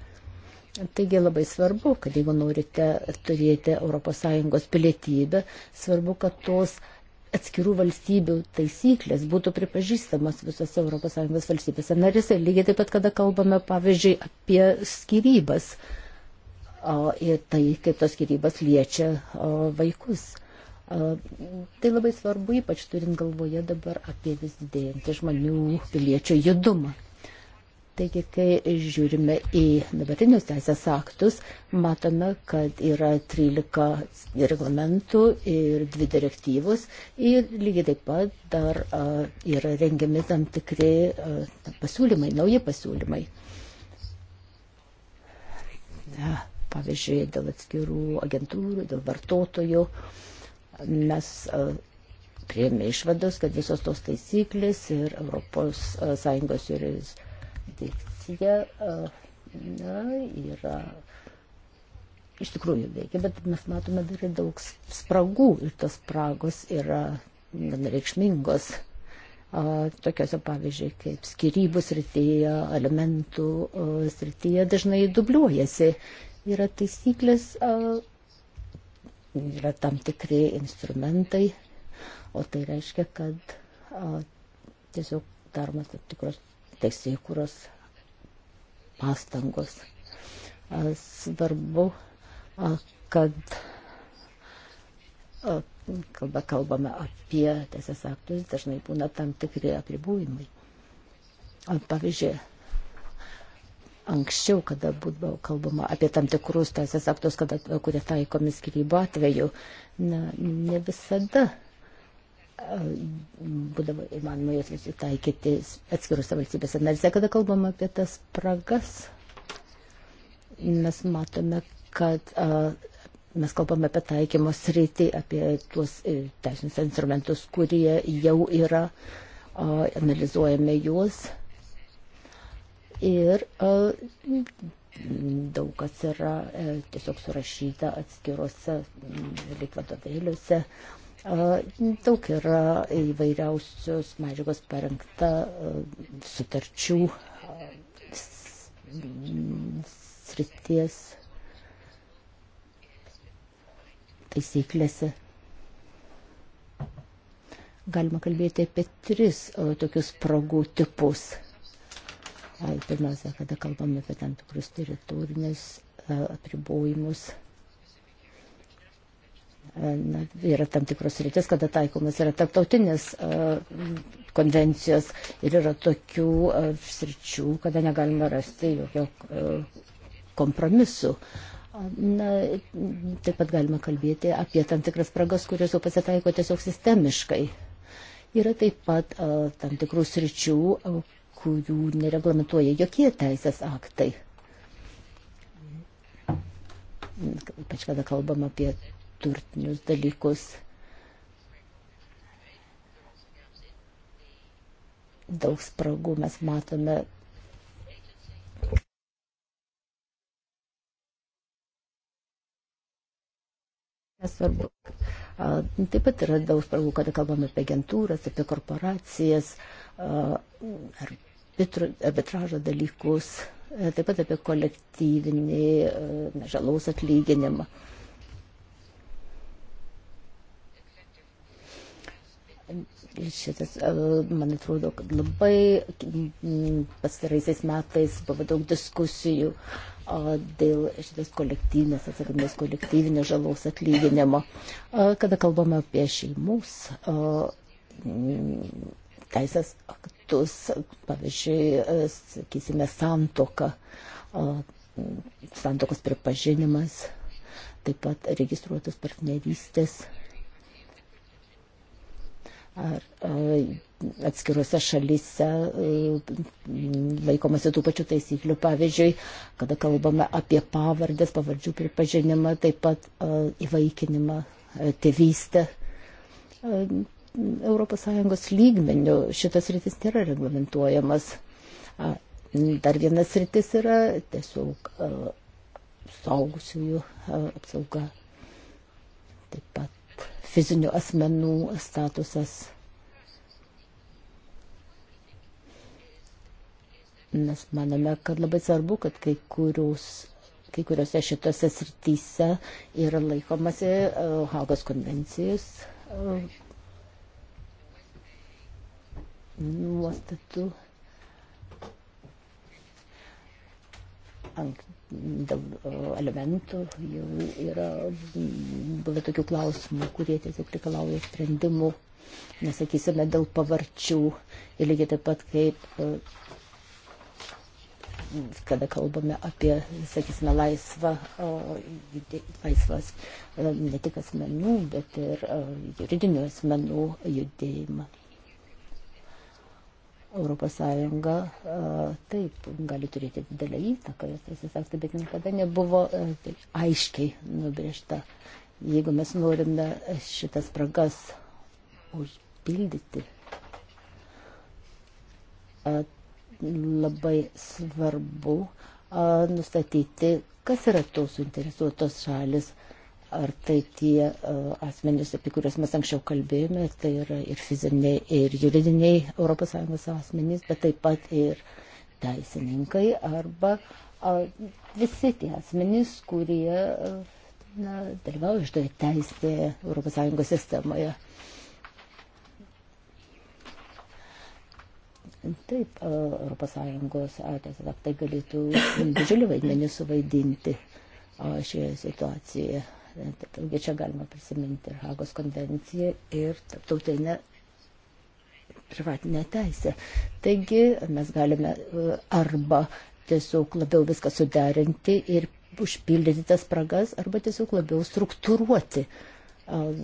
Taigi labai svarbu, kad jeigu norite turėti ES pilietybę, svarbu, kad tos uh, atskirų valstybių taisyklės būtų pripažįstamos visose ES valstybėse narėse. Lygiai taip pat, kada kalbame, pavyzdžiui, apie skirybas o, ir tai, kaip tos skirybas liečia o, vaikus. O, tai labai svarbu, ypač turint galvoje dabar apie vis didėjantį žmonių piliečių judumą. Taigi, kai žiūrime į dabartinius teisės aktus, matome, kad yra 13 reglamentų ir 2 direktyvos ir lygiai taip pat dar a, yra rengiami tam tikri a, pasiūlymai, nauji pasiūlymai. Na, pavyzdžiui, dėl atskirų agentūrų, dėl vartotojų mes a, priėmė išvados, kad visos tos taisyklės ir ES juris jurisdikcija na, yra iš tikrųjų veikia, bet mes matome dar ir daug spragų ir tos spragos yra gana reikšmingos. Tokiose, pavyzdžiui, kaip skirybų srityje, elementų srityje dažnai dubliuojasi. Yra taisyklės, yra tam tikri instrumentai, o tai reiškia, kad tiesiog daromas tam tikros teisėkuros pastangos. Svarbu, kad kalba kalbame apie teisės aktus, dažnai būna tam tikri apribūjimai. Pavyzdžiui, anksčiau, kada būdavo kalbama apie tam tikrus teisės aktus, kada, kurie taikomi skirybų atveju, ne, ne visada būdavo įmanoma jas susitaikyti atskiruose valstybėse narise. Kada kalbam apie tas spragas, mes matome, kad a, mes kalbam apie taikymo sritį, apie tuos e, teisinius instrumentus, kurie jau yra, a, analizuojame juos. Ir a, daug kas yra e, tiesiog surašyta atskiruose lyg vadovėliuose, Daug yra įvairiausios medžiagos parengta sutarčių srities taisyklėse. Galima kalbėti apie tris tokius spragų tipus. Pirmiausia, kada kalbame apie tam tikrus teritorinius apribojimus. E, Na, yra tam tikros rytis, kada taikomas yra tarptautinis konvencijos ir yra tokių sričių, kada negalima rasti jokio kompromisu. Na, taip pat galima kalbėti apie tam tikras spragas, kurios jau pasitaiko tiesiog sistemiškai. Yra taip pat tam tikrų sričių, kurių nereglamentuoja jokie teisės aktai. Ypač kada kalbam apie turtinius dalykus. Daug spragų mes matome. Nesvarbu. Taip pat yra daug spragų, kada kalbame apie agentūras, apie korporacijas, ar arbitražo dalykus, taip pat apie kolektyvinį žalaus atlyginimą. Šitas, e, man atrodo, kad labai pastaraisiais metais buvo daug diskusijų dėl šitas kolektyvinės atsakomybės, kolektyvinės žalos atlyginimo. Kada kalbame apie šeimus, teisės aktus, pavyzdžiui, sakysime, santoka, santokos pripažinimas, taip pat registruotos partnerystės ar atskiruose šalyse laikomasi tų pačių taisyklių. Pavyzdžiui, kada kalbame apie pavardės, pavardžių pripažinimą, taip pat įvaikinimą, tėvystę. ES lygmenių šitas rytis nėra reglamentuojamas. Dar vienas rytis yra tiesiog saugusiųjų apsauga. Taip pat fizinių asmenų statusas. Mes manome, kad labai svarbu, kad kai, kurios, kai kuriuose šitose srityse yra laikomasi uh, Hagos konvencijos uh, nuostatų. Anksčiau dėl e, elementų jau yra buvę tokių klausimų, kurie tiesiog reikalauja sprendimų, nesakysime, dėl pavarčių ir lygiai taip pat kaip e, kada kalbame apie, sakysime, laisvą, laisvas e, ne tik asmenų, bet ir juridinių asmenų judėjimą. Europos Sąjunga taip gali turėti didelę įtaką, jos teisės aktai, bet niekada nebuvo taip aiškiai nubriežta. Jeigu mes norime šitas spragas užpildyti, labai svarbu nustatyti, kas yra tos suinteresuotos šalis Ar tai tie e, asmenys, apie kuriuos mes anksčiau kalbėjome, tai yra ir fiziniai, ir juridiniai ES asmenys, bet taip pat ir teisininkai arba visi tie asmenys, kurie e, na, dalyvauja šitoje teisėje ES sistemoje. Taip, e, ES teisės aktai galėtų didžiulį vaidmenį suvaidinti šioje situacijoje. Taigi čia galima prisiminti ir Hagos konvenciją ir tarptautinę privatinę teisę. Taigi mes galime e, arba tiesiog labiau viską suderinti ir užpildyti tas spragas, arba tiesiog labiau struktūruoti e,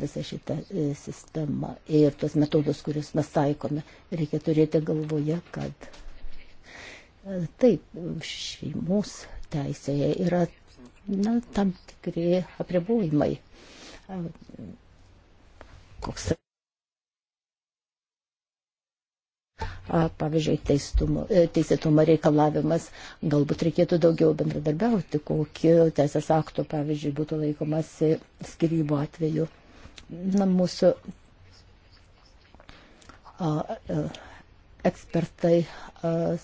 visą šitą e, sistemą ir tos metodus, kuriuos mes taikome. Reikia turėti galvoje, kad taip, šeimos teisėje yra na, tam tikri apribojimai. Koks tai- pavyzdžiui, teistumo, e, teisėtumo reikalavimas, galbūt reikėtų daugiau bendradarbiauti, kokio teisės akto, pavyzdžiui, būtų laikomasi skirybo atveju. Na, mūsų a, a, e, ekspertai a,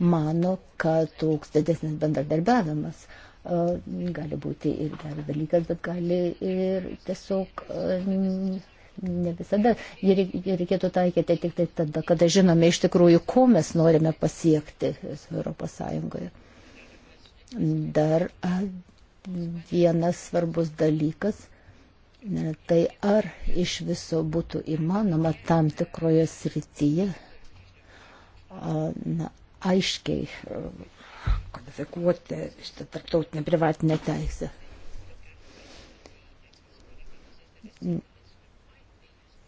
mano, kad toks didesnis bendradarbiavimas a, gali būti ir geras dalykas, bet gali ir tiesiog ne visada. Jį reikėtų taikyti tik tai tada, kada žinome iš tikrųjų, ko mes norime pasiekti Europos Sąjungoje. Dar vienas svarbus dalykas. E, tai ar iš viso būtų įmanoma tam tikroje srityje na, aiškiai kodifikuoti šitą tarptautinę privatinę teisę.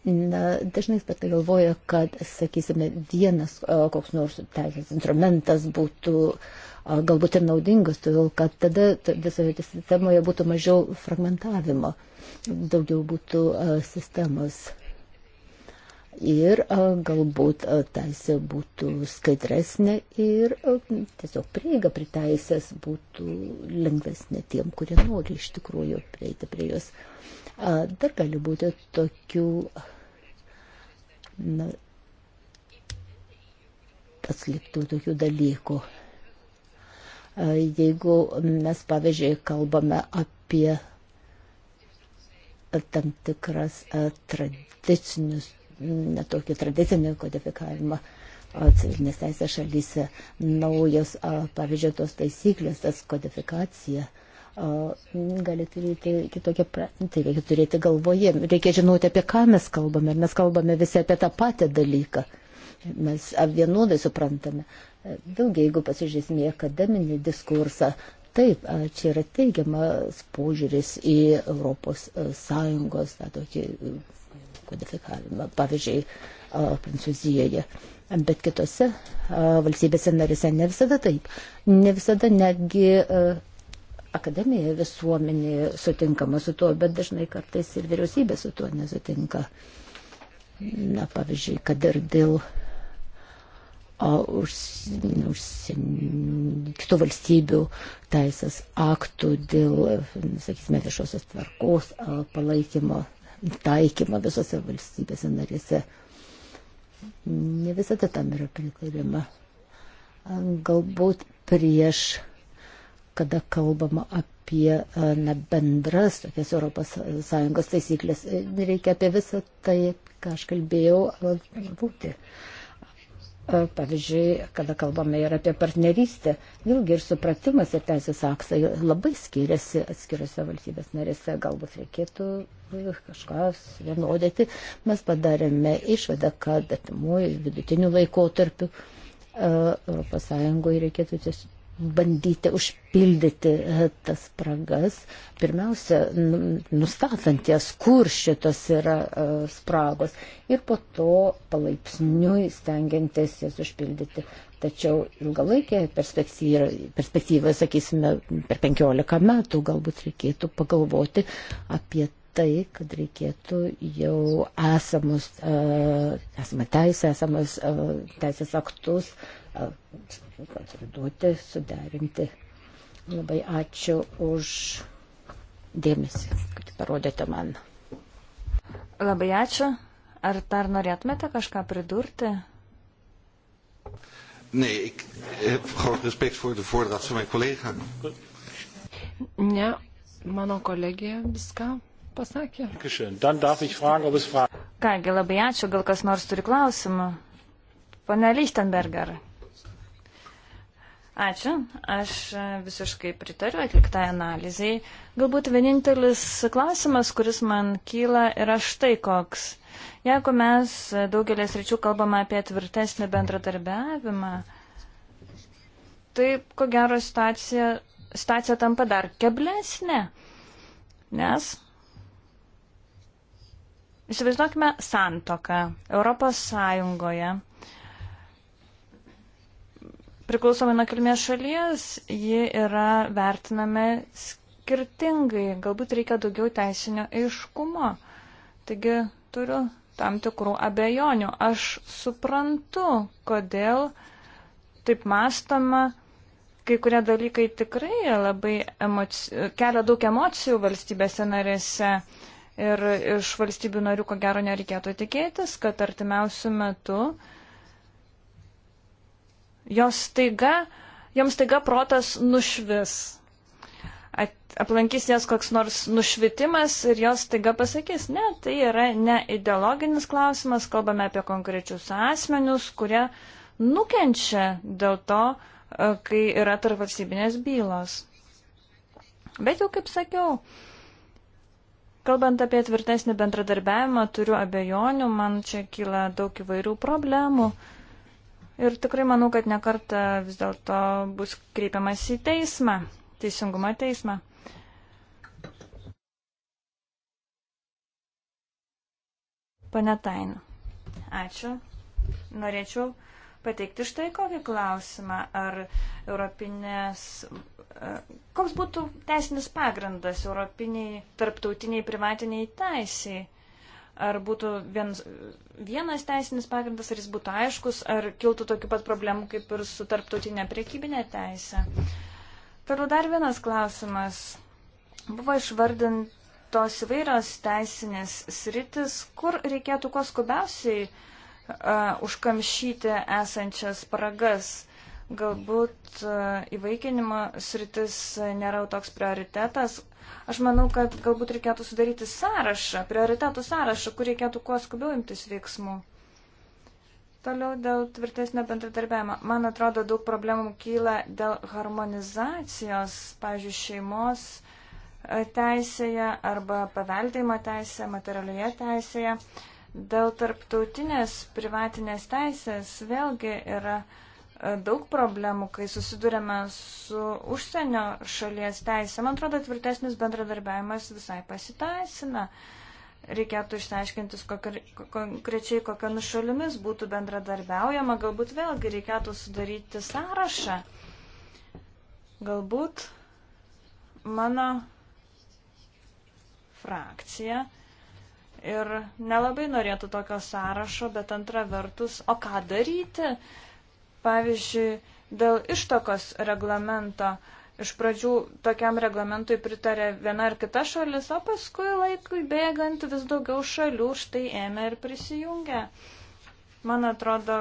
Na, dažnai ekspertai galvoja, kad, sakysime, vienas koks nors teisės instrumentas būtų galbūt ir naudingas, todėl kad tada visoje sistemoje būtų mažiau fragmentavimo, daugiau būtų sistemos ir galbūt teisė būtų skaidresnė ir tiesiog prieiga prie teisės būtų lengvesnė tiem, kurie nori iš tikrųjų prieiti prie jos. Dar gali būti tokių na, atsliptų tokių dalykų. Jeigu mes, pavyzdžiui, kalbame apie tam tikras tradicinius netokį tradicinį kodifikavimą civilinės teisės šalyse. Naujos, pavyzdžiui, tos taisyklės, tas kodifikacija gali turėti kitokią, tai reikia turėti galvoje, reikia žinoti, apie ką mes kalbame, mes kalbame visi apie tą patį dalyką, mes vienodai suprantame. Vėlgi, jeigu pasižiūrėsime į akademinį diskursą, taip, čia yra teigiamas požiūris į Europos Sąjungos tą tokį kodifikavimą, pavyzdžiui, Prancūzijoje. Bet kitose valstybėse narise ne visada taip. Ne visada netgi akademija visuomenė sutinkama su tuo, bet dažnai kartais ir vyriausybė su tuo nesutinka. Na, pavyzdžiui, kad ir dėl o, už, užsien, kitų valstybių teisės aktų, dėl, sakysime, viešosios tvarkos palaikymo taikymą visose valstybėse narėse. Ne visada tam yra pritarima. Galbūt prieš, kada kalbama apie e, na, bendras tokias ES taisyklės, reikia apie visą tai, ką aš kalbėjau, būti. Uh, E, pavyzdžiui, kada kalbame ir apie partnerystę, vėlgi ir supratimas ir teisės aksai labai skiriasi atskiriuose valstybės narėse, galbūt reikėtų e, kažkas vienodėti. Mes padarėme išvadą, kad atimųjų vidutinių laikotarpių ES reikėtų tiesiog bandyti užpildyti e, tas spragas, pirmiausia, nu, nustatant ties, kur šitos yra e, spragos ir po to palaipsniui stengiantis jas užpildyti. Tačiau ilgalaikė perspektyva, perspektyva, sakysime, per 15 metų galbūt reikėtų pagalvoti apie tai, kad reikėtų jau esamus, e, esamą teisę, esamus teisės aktus uh, konsoliduoti, suderinti. Labai ačiū už dėmesį, kad parodėte man. Labai ačiū. Ar dar norėtumėte kažką pridurti? Nee, ik heb eh, groot respect voor de voordracht van mijn collega. Ne, mano kolegija viską pasakė. Kągi, labai ačiū, gal kas nors turi klausimų. Pane Lichtenberger. Ačiū. Aš e, visiškai pritariu atliktai analizai. Galbūt vienintelis klausimas, kuris man kyla, yra štai koks. Jeigu mes daugelės ryčių kalbame apie tvirtesnį bendradarbiavimą, tai ko gero situacija, situacija tampa dar keblesnė. Nes įsivaizduokime santoką Europos Sąjungoje priklausomai nuo kilmės šalies, ji yra vertiname skirtingai. Galbūt reikia daugiau teisinio aiškumo. Taigi turiu tam tikrų abejonių. Aš suprantu, kodėl taip mastoma. Kai kurie dalykai tikrai labai emoci... kelia daug emocijų valstybėse narėse. Ir iš valstybių narių, ko gero, nereikėtų tikėtis, kad artimiausių metų uh, Jos taiga, joms taiga protas nušvis. At, aplankys jas koks nors nušvitimas ir jos taiga pasakys, ne, tai yra ne ideologinis klausimas, kalbame apie konkrečius asmenius, kurie nukenčia dėl to, e, kai yra tarp valstybinės bylos. Bet jau kaip sakiau, kalbant apie tvirtesnį bendradarbiavimą, turiu abejonių, man čia kyla daug įvairių problemų. Mm. Ir tikrai manau, kad nekarta vis dėlto bus kreipiamas į teismą, teisingumo teismą. Pane Tainu, ačiū. Norėčiau pateikti štai kokį klausimą. Ar europinės. E, koks būtų teisinis pagrindas europiniai, tarptautiniai, privatiniai teisiai? ar būtų vienas, vienas teisinis pagrindas, ar jis būtų aiškus, ar kiltų tokių pat problemų kaip ir su tarptautinė priekybinė teisė. Toliau dar vienas klausimas. Buvo išvardintos įvairios teisinės sritis, kur reikėtų kuo skubiausiai uh, užkamšyti esančias spragas galbūt e, įvaikinimo sritis nėra toks prioritetas. Aš manau, kad galbūt reikėtų sudaryti sąrašą, prioritetų sąrašą, kur reikėtų kuo skubiau imtis veiksmų. Toliau dėl tvirtesnio bendradarbiavimo. Man atrodo, daug problemų kyla dėl harmonizacijos, pavyzdžiui, šeimos e, teisėje arba paveldėjimo teisėje, materialioje teisėje. Dėl tarptautinės privatinės teisės vėlgi yra uh, daug problemų, kai susidurėme su užsienio šalies teisė. Man atrodo, tvirtesnis bendradarbiavimas visai pasiteisina. Reikėtų išsiaiškintis konkrečiai, kokiamis šalimis būtų bendradarbiaujama. Galbūt vėlgi reikėtų sudaryti sąrašą. Galbūt mano frakcija ir nelabai norėtų tokio sąrašo, bet antra vertus, o ką daryti? Uh, Pavyzdžiui, dėl ištokos reglamento. Iš pradžių tokiam reglamentui pritarė viena ar kita šalis, o paskui laikui bėgant vis daugiau šalių štai ėmė ir prisijungė. Man atrodo,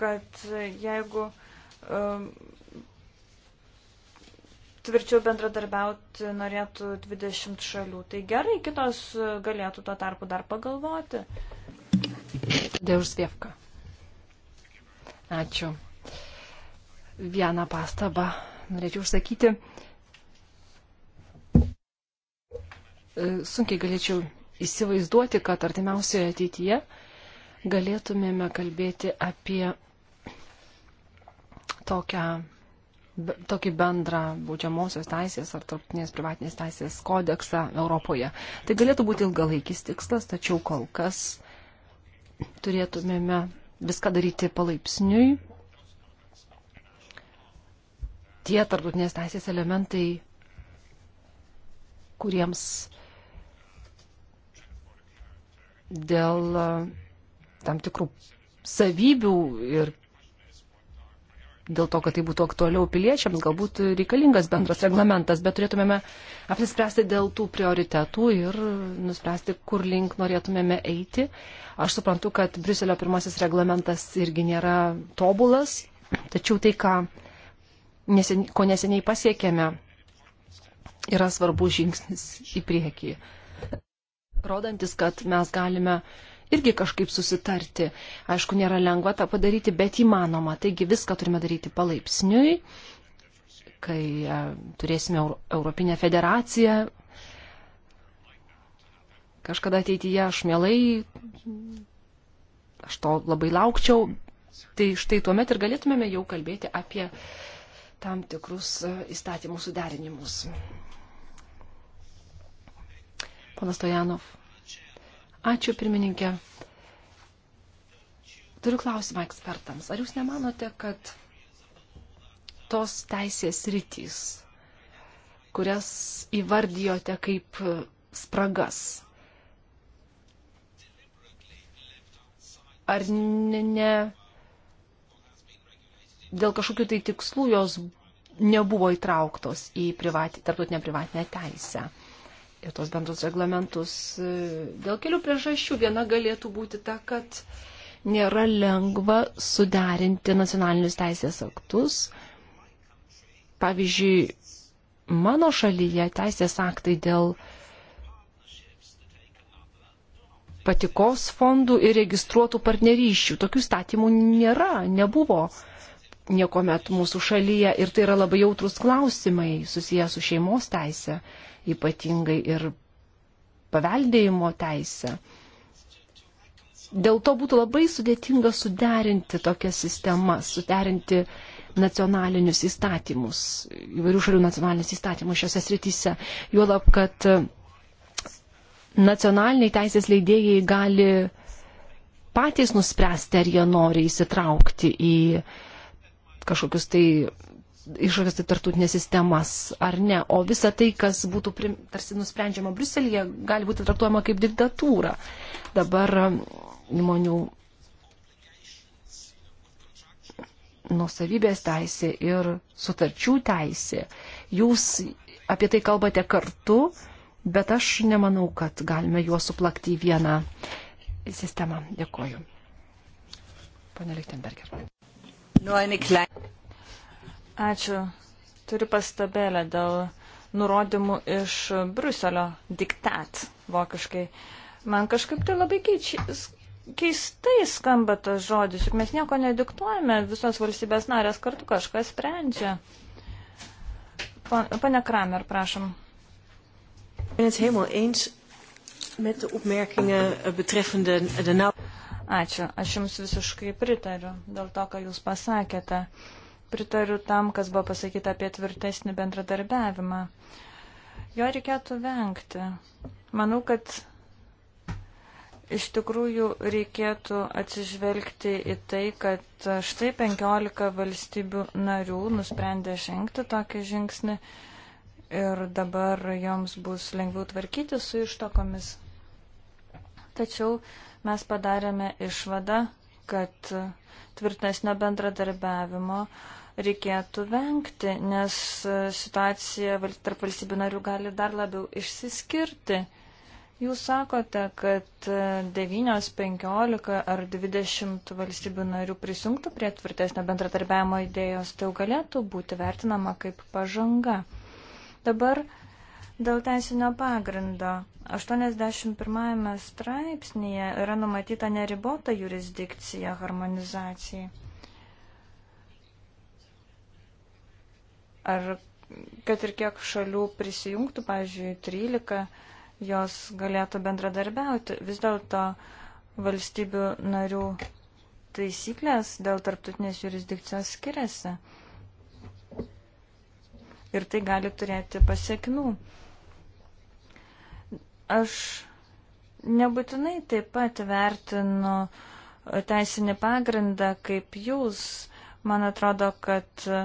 kad jeigu um, tvirčiau bendradarbiauti norėtų 20 šalių. Tai gerai, kitos galėtų tuo tarpu dar pagalvoti. Dėl Svievka. Ačiū. Vieną pastabą norėčiau užsakyti. E, sunkiai galėčiau įsivaizduoti, kad artimiausioje ateityje galėtumėme kalbėti apie tokią, tokį bendrą baudžiamosios teisės ar tarptautinės privatinės teisės kodeksą Europoje. Tai galėtų būti ilgalaikis tikslas, tačiau kol kas turėtumėme viską daryti palaipsniui. Tie tarptautinės teisės elementai, kuriems dėl uh, tam tikrų savybių ir dėl to, kad tai būtų aktualiau piliečiams, galbūt reikalingas bendras reglamentas, bet turėtumėme apsispręsti dėl tų prioritetų ir nuspręsti, kur link norėtumėme eiti. Aš suprantu, kad Briuselio pirmasis reglamentas irgi nėra tobulas, tačiau tai, ką nesen, ko neseniai pasiekėme, yra svarbus žingsnis į priekį. Rodantis, kad mes galime uh, irgi kažkaip susitarti. Aišku, nėra lengva tą padaryti, bet įmanoma. Taigi viską turime daryti palaipsniui, kai e, turėsime Europinę federaciją. Kažkada ateityje aš mielai, aš to labai laukčiau, tai štai tuomet ir galėtumėme jau kalbėti apie tam tikrus e, įstatymų suderinimus. Panas Stojanov. Ačiū, pirmininkė. Turiu klausimą ekspertams. Ar jūs nemanote, kad tos teisės rytys, kurias įvardijote kaip spragas, ar ne, ne dėl kažkokių tai tikslų jos nebuvo įtrauktos į privat, tarptautinę privatinę teisę? ir tos bendrus reglamentus. Dėl kelių priežasčių viena galėtų būti ta, kad nėra lengva suderinti nacionalinius teisės aktus. Pavyzdžiui, mano šalyje teisės aktai dėl patikos fondų ir registruotų partnerysčių. Tokių statymų nėra, nebuvo niekuomet mūsų šalyje ir tai yra labai jautrus klausimai susijęs su šeimos teisė ypatingai ir paveldėjimo teisę. Dėl to būtų labai sudėtinga suderinti tokias sistemas, suderinti nacionalinius įstatymus, įvairių šalių nacionalinius įstatymus šiose srityse. Juolab, kad nacionaliniai teisės leidėjai gali patys nuspręsti, ar jie nori įsitraukti į kažkokius tai išorės tai tartutinės sistemas ar ne. O visa tai, kas būtų prim, tarsi nusprendžiama Bruselėje, gali būti traktuojama kaip diktatūra. Dabar um, įmonių nusavybės teisė ir sutarčių teisė. Jūs apie tai kalbate kartu, bet aš nemanau, kad galime juos suplakti į vieną sistemą. Dėkoju. Pane Lichtenberger. Nur eine kleine. Ačiū. Turiu pastabėlę dėl nurodymų iš Bruselio diktat vokiškai. Man kažkaip tai labai keičias, keistai skamba tas žodis, juk mes nieko nediktuojame, visos valstybės narės kartu kažką sprendžia. Pane Kramer, prašom. Eh, Ačiū, aš Jums visiškai pritariu dėl to, ką Jūs pasakėte. Uh, pritariu tam, kas buvo pasakyta apie tvirtesnį bendradarbiavimą. Jo reikėtų vengti. Manau, kad iš tikrųjų reikėtų atsižvelgti į tai, kad štai 15 valstybių narių nusprendė žengti tokį žingsnį ir dabar joms bus lengviau tvarkyti su ištokomis. Tačiau mes padarėme išvadą, kad tvirtesnio bendradarbiavimo reikėtų vengti, nes e, situacija tarp valstybių narių gali dar labiau išsiskirti. Jūs sakote, kad 9, e, 15 ar 20 valstybių narių prisijungtų prie tvirtesnio bendradarbiavimo idėjos, tai jau galėtų būti vertinama kaip pažanga. Dabar uh, Dėl teisinio pagrindo 81 straipsnėje yra numatyta neribota jurisdikcija harmonizacijai. Ar kad ir kiek šalių prisijungtų, pavyzdžiui, 13, jos galėtų bendradarbiauti. Vis dėlto valstybių narių taisyklės dėl tarptautinės jurisdikcijos skiriasi. Ir tai gali turėti pasiekmių. Aš nebūtinai taip pat vertinu teisinį pagrindą kaip jūs. Man atrodo, kad e,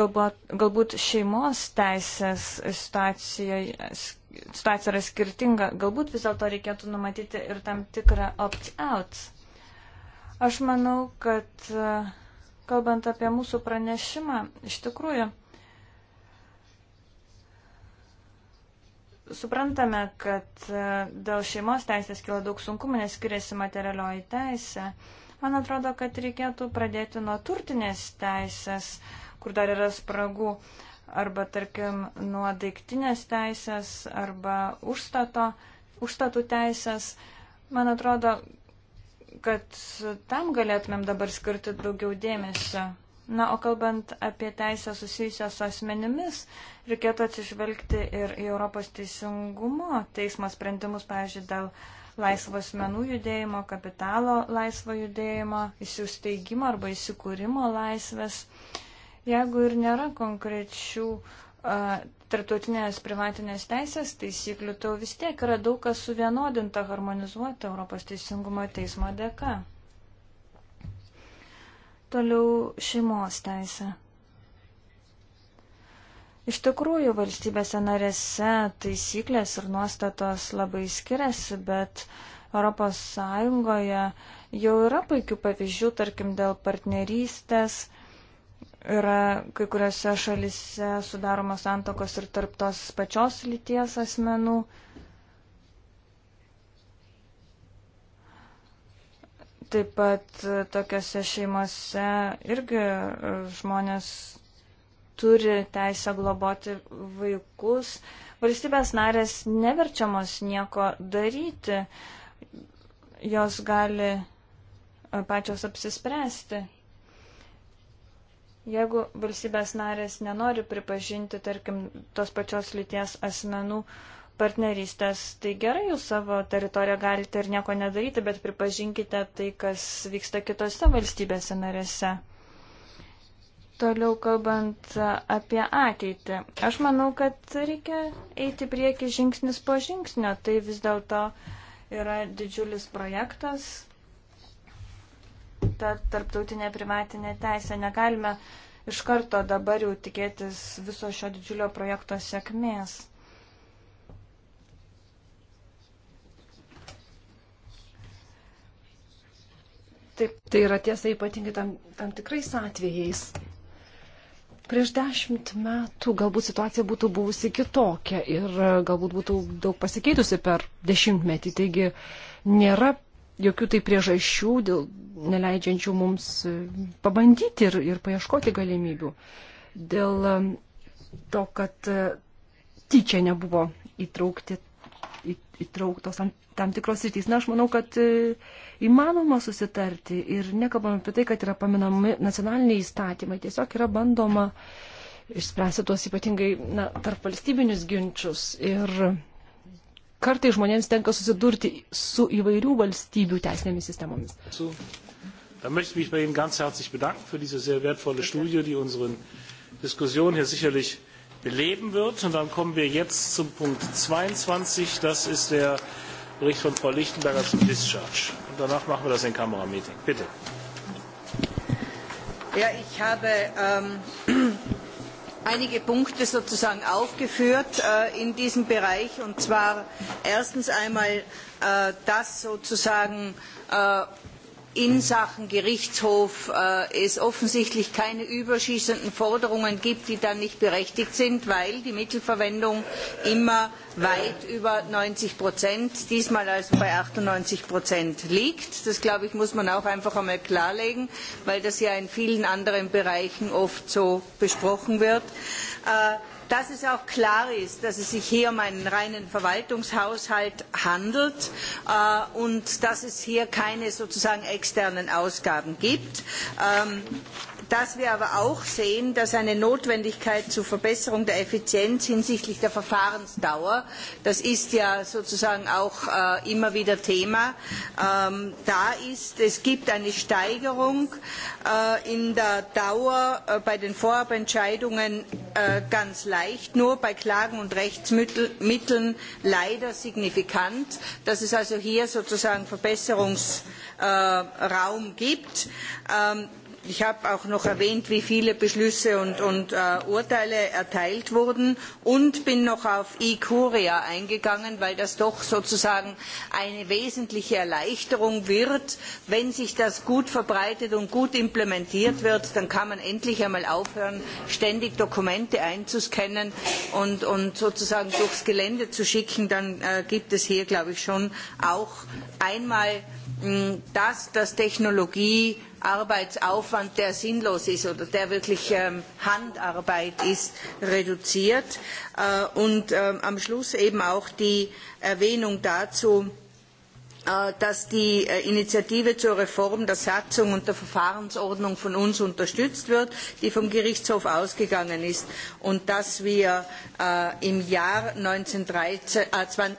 galbūt, galbūt šeimos teisės situacija, situacija yra skirtinga. Galbūt vis dėlto reikėtų numatyti ir tam tikrą opt-out. Aš manau, kad e, kalbant apie mūsų pranešimą, iš tikrųjų, Suprantame, kad e, dėl šeimos teisės kilo daug sunkumų, nes skiriasi materialioji teisė. Man atrodo, kad reikėtų pradėti nuo turtinės teisės, kur dar yra spragų, arba, tarkim, nuo daiktinės teisės, arba užstato, užstatų teisės. Man atrodo, kad tam galėtumėm dabar skirti daugiau dėmesio. Na, o kalbant apie teisę susijusią su asmenimis, reikėtų atsižvelgti ir į Europos teisingumo teismo sprendimus, pavyzdžiui, dėl laisvo asmenų judėjimo, kapitalo laisvo judėjimo, įsiusteigimo arba įsikūrimo laisvės. Jeigu ir nėra konkrečių uh, tarptautinės privatinės teisės taisyklių, tai vis tiek yra daug kas suvienodinta, harmonizuota Europos teisingumo teismo dėka. Toliau šeimos teisė. Iš tikrųjų, valstybėse narėse taisyklės ir nuostatos labai skiriasi, bet ES jau yra puikių pavyzdžių, tarkim, dėl partnerystės. Yra kai kuriuose šalise sudaromos santokos ir tarp tos pačios lyties asmenų. Uh, Taip pat e, tokiose šeimose irgi e, žmonės turi teisę globoti vaikus. Valstybės narės neverčiamos nieko daryti. Jos gali e, pačios apsispręsti. Jeigu valstybės narės nenori pripažinti, tarkim, tos pačios lyties asmenų uh, partnerystės. Tai gerai, jūs savo teritoriją galite ir nieko nedaryti, bet pripažinkite tai, kas vyksta kitose valstybėse narėse. Toliau kalbant apie ateitį. Aš manau, kad reikia eiti prieki žingsnis po žingsnio. Tai vis dėlto yra didžiulis projektas. Ta tarptautinė primatinė teisė negalime iš karto dabar jau tikėtis viso šio didžiulio projekto sėkmės. Taip, tai yra tiesa ypatingai tam, tam tikrais atvejais. Prieš dešimt metų galbūt situacija būtų buvusi kitokia ir e, galbūt būtų daug pasikeitusi per dešimtmetį. Taigi nėra jokių tai priežasčių, dėl, neleidžiančių mums e, pabandyti ir, ir paieškoti galimybių. Dėl e, to, kad tyčia nebuvo įtraukti įtrauktos tam tikros rytys. Na, aš manau, kad e, įmanoma susitarti ir nekalbam apie tai, kad yra paminami nacionaliniai įstatymai, tiesiog yra bandoma išspręsti tuos ypatingai na, tarp valstybinius ginčius. Ir kartai žmonėms tenka susidurti su įvairių valstybių teisinėmis sistemomis. Su. Da möchte ich mich bei Ihnen ganz herzlich bedanken für diese sehr wertvolle Studie, die unseren Diskussionen hier sicherlich beleben wird. Und dann kommen wir jetzt zum Punkt 22. Das ist der Bericht von Frau Lichtenberger zum Discharge. Und danach machen wir das in Kamerameeting. Bitte. Ja, ich habe ähm, einige Punkte sozusagen aufgeführt äh, in diesem Bereich. Und zwar erstens einmal, äh, dass sozusagen äh, in Sachen Gerichtshof äh, es offensichtlich keine überschießenden Forderungen gibt, die dann nicht berechtigt sind, weil die Mittelverwendung immer weit über 90 Prozent, diesmal also bei 98 Prozent liegt. Das, glaube ich, muss man auch einfach einmal klarlegen, weil das ja in vielen anderen Bereichen oft so besprochen wird. Äh, dass es auch klar ist, dass es sich hier um einen reinen Verwaltungshaushalt handelt äh, und dass es hier keine sozusagen externen Ausgaben gibt. Ähm, dass wir aber auch sehen, dass eine Notwendigkeit zur Verbesserung der Effizienz hinsichtlich der Verfahrensdauer, das ist ja sozusagen auch äh, immer wieder Thema, ähm, da ist. Es gibt eine Steigerung äh, in der Dauer äh, bei den Vorabentscheidungen äh, ganz leicht, nur bei Klagen und Rechtsmitteln leider signifikant, dass es also hier sozusagen Verbesserungsraum äh, Raum gibt. Ähm, Ich habe auch noch erwähnt, wie viele Beschlüsse und, und äh, Urteile erteilt wurden und bin noch auf e-Curia eingegangen, weil das doch sozusagen eine wesentliche Erleichterung wird. Wenn sich das gut verbreitet und gut implementiert wird, dann kann man endlich einmal aufhören, ständig Dokumente einzuscannen und, und sozusagen durchs Gelände zu schicken. Dann äh, gibt es hier, glaube ich, schon auch einmal mh, das, dass Technologie Arbeitsaufwand, der sinnlos ist oder der wirklich ähm, Handarbeit ist, reduziert. Äh, und ähm, am Schluss eben auch die Erwähnung dazu, äh, dass die äh, Initiative zur Reform der Satzung und der Verfahrensordnung von uns unterstützt wird, die vom Gerichtshof ausgegangen ist und dass wir äh, im Jahr 1913, äh,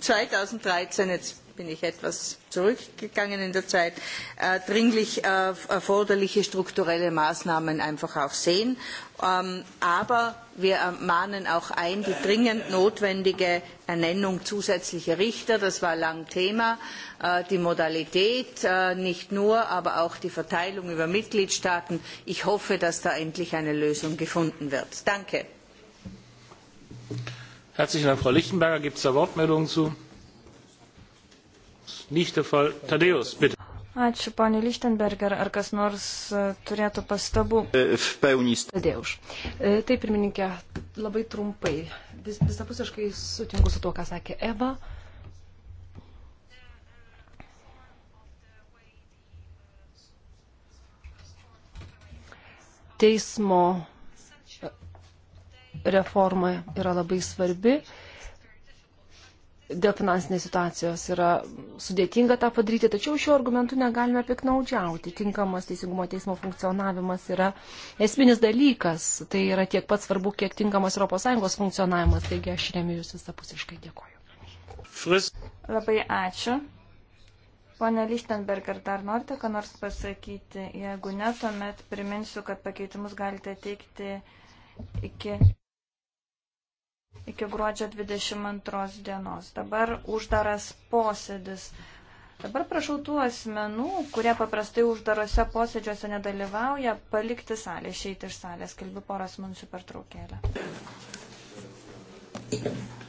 2013 jetzt bin ich etwas zurückgegangen in der Zeit, äh, dringlich äh, erforderliche strukturelle Maßnahmen einfach auch sehen. Ähm, aber wir mahnen auch ein, die dringend notwendige Ernennung zusätzlicher Richter, das war lang Thema, äh, die Modalität äh, nicht nur, aber auch die Verteilung über Mitgliedstaaten. Ich hoffe, dass da endlich eine Lösung gefunden wird. Danke. Herzlichen Dank, Frau Lichtenberger. Gibt es da Wortmeldungen zu? nicht der Fall. Tadeusz, bitte. Ačiū, ponė Lichtenberger. Ar kas nors e, turėtų pastabų? E, Peunys. Tadeuš. E, taip, pirmininkė, labai trumpai. Vis, visapusiškai sutinku su tuo, ką sakė Eva. Teismo reforma yra labai svarbi dėl finansinės situacijos yra sudėtinga tą padaryti, tačiau šiuo argumentu negalime piknaudžiauti. Tinkamas teisingumo teismo funkcionavimas yra esminis dalykas, tai yra tiek pat svarbu, kiek tinkamas ES funkcionavimas, taigi aš remiu Jūs visapusiškai dėkoju. Fris. Labai ačiū. Pone Lichtenberg, ar dar norite ką nors pasakyti? Jeigu ne, tuomet priminsiu, kad pakeitimus galite teikti iki iki gruodžio 22 dienos. Dabar uždaras posėdis. Dabar prašau tų asmenų, kurie paprastai uždarose posėdžiuose nedalyvauja, palikti salę, išeiti iš salės. Kalbi poros minučių per traukėlę. Thank you.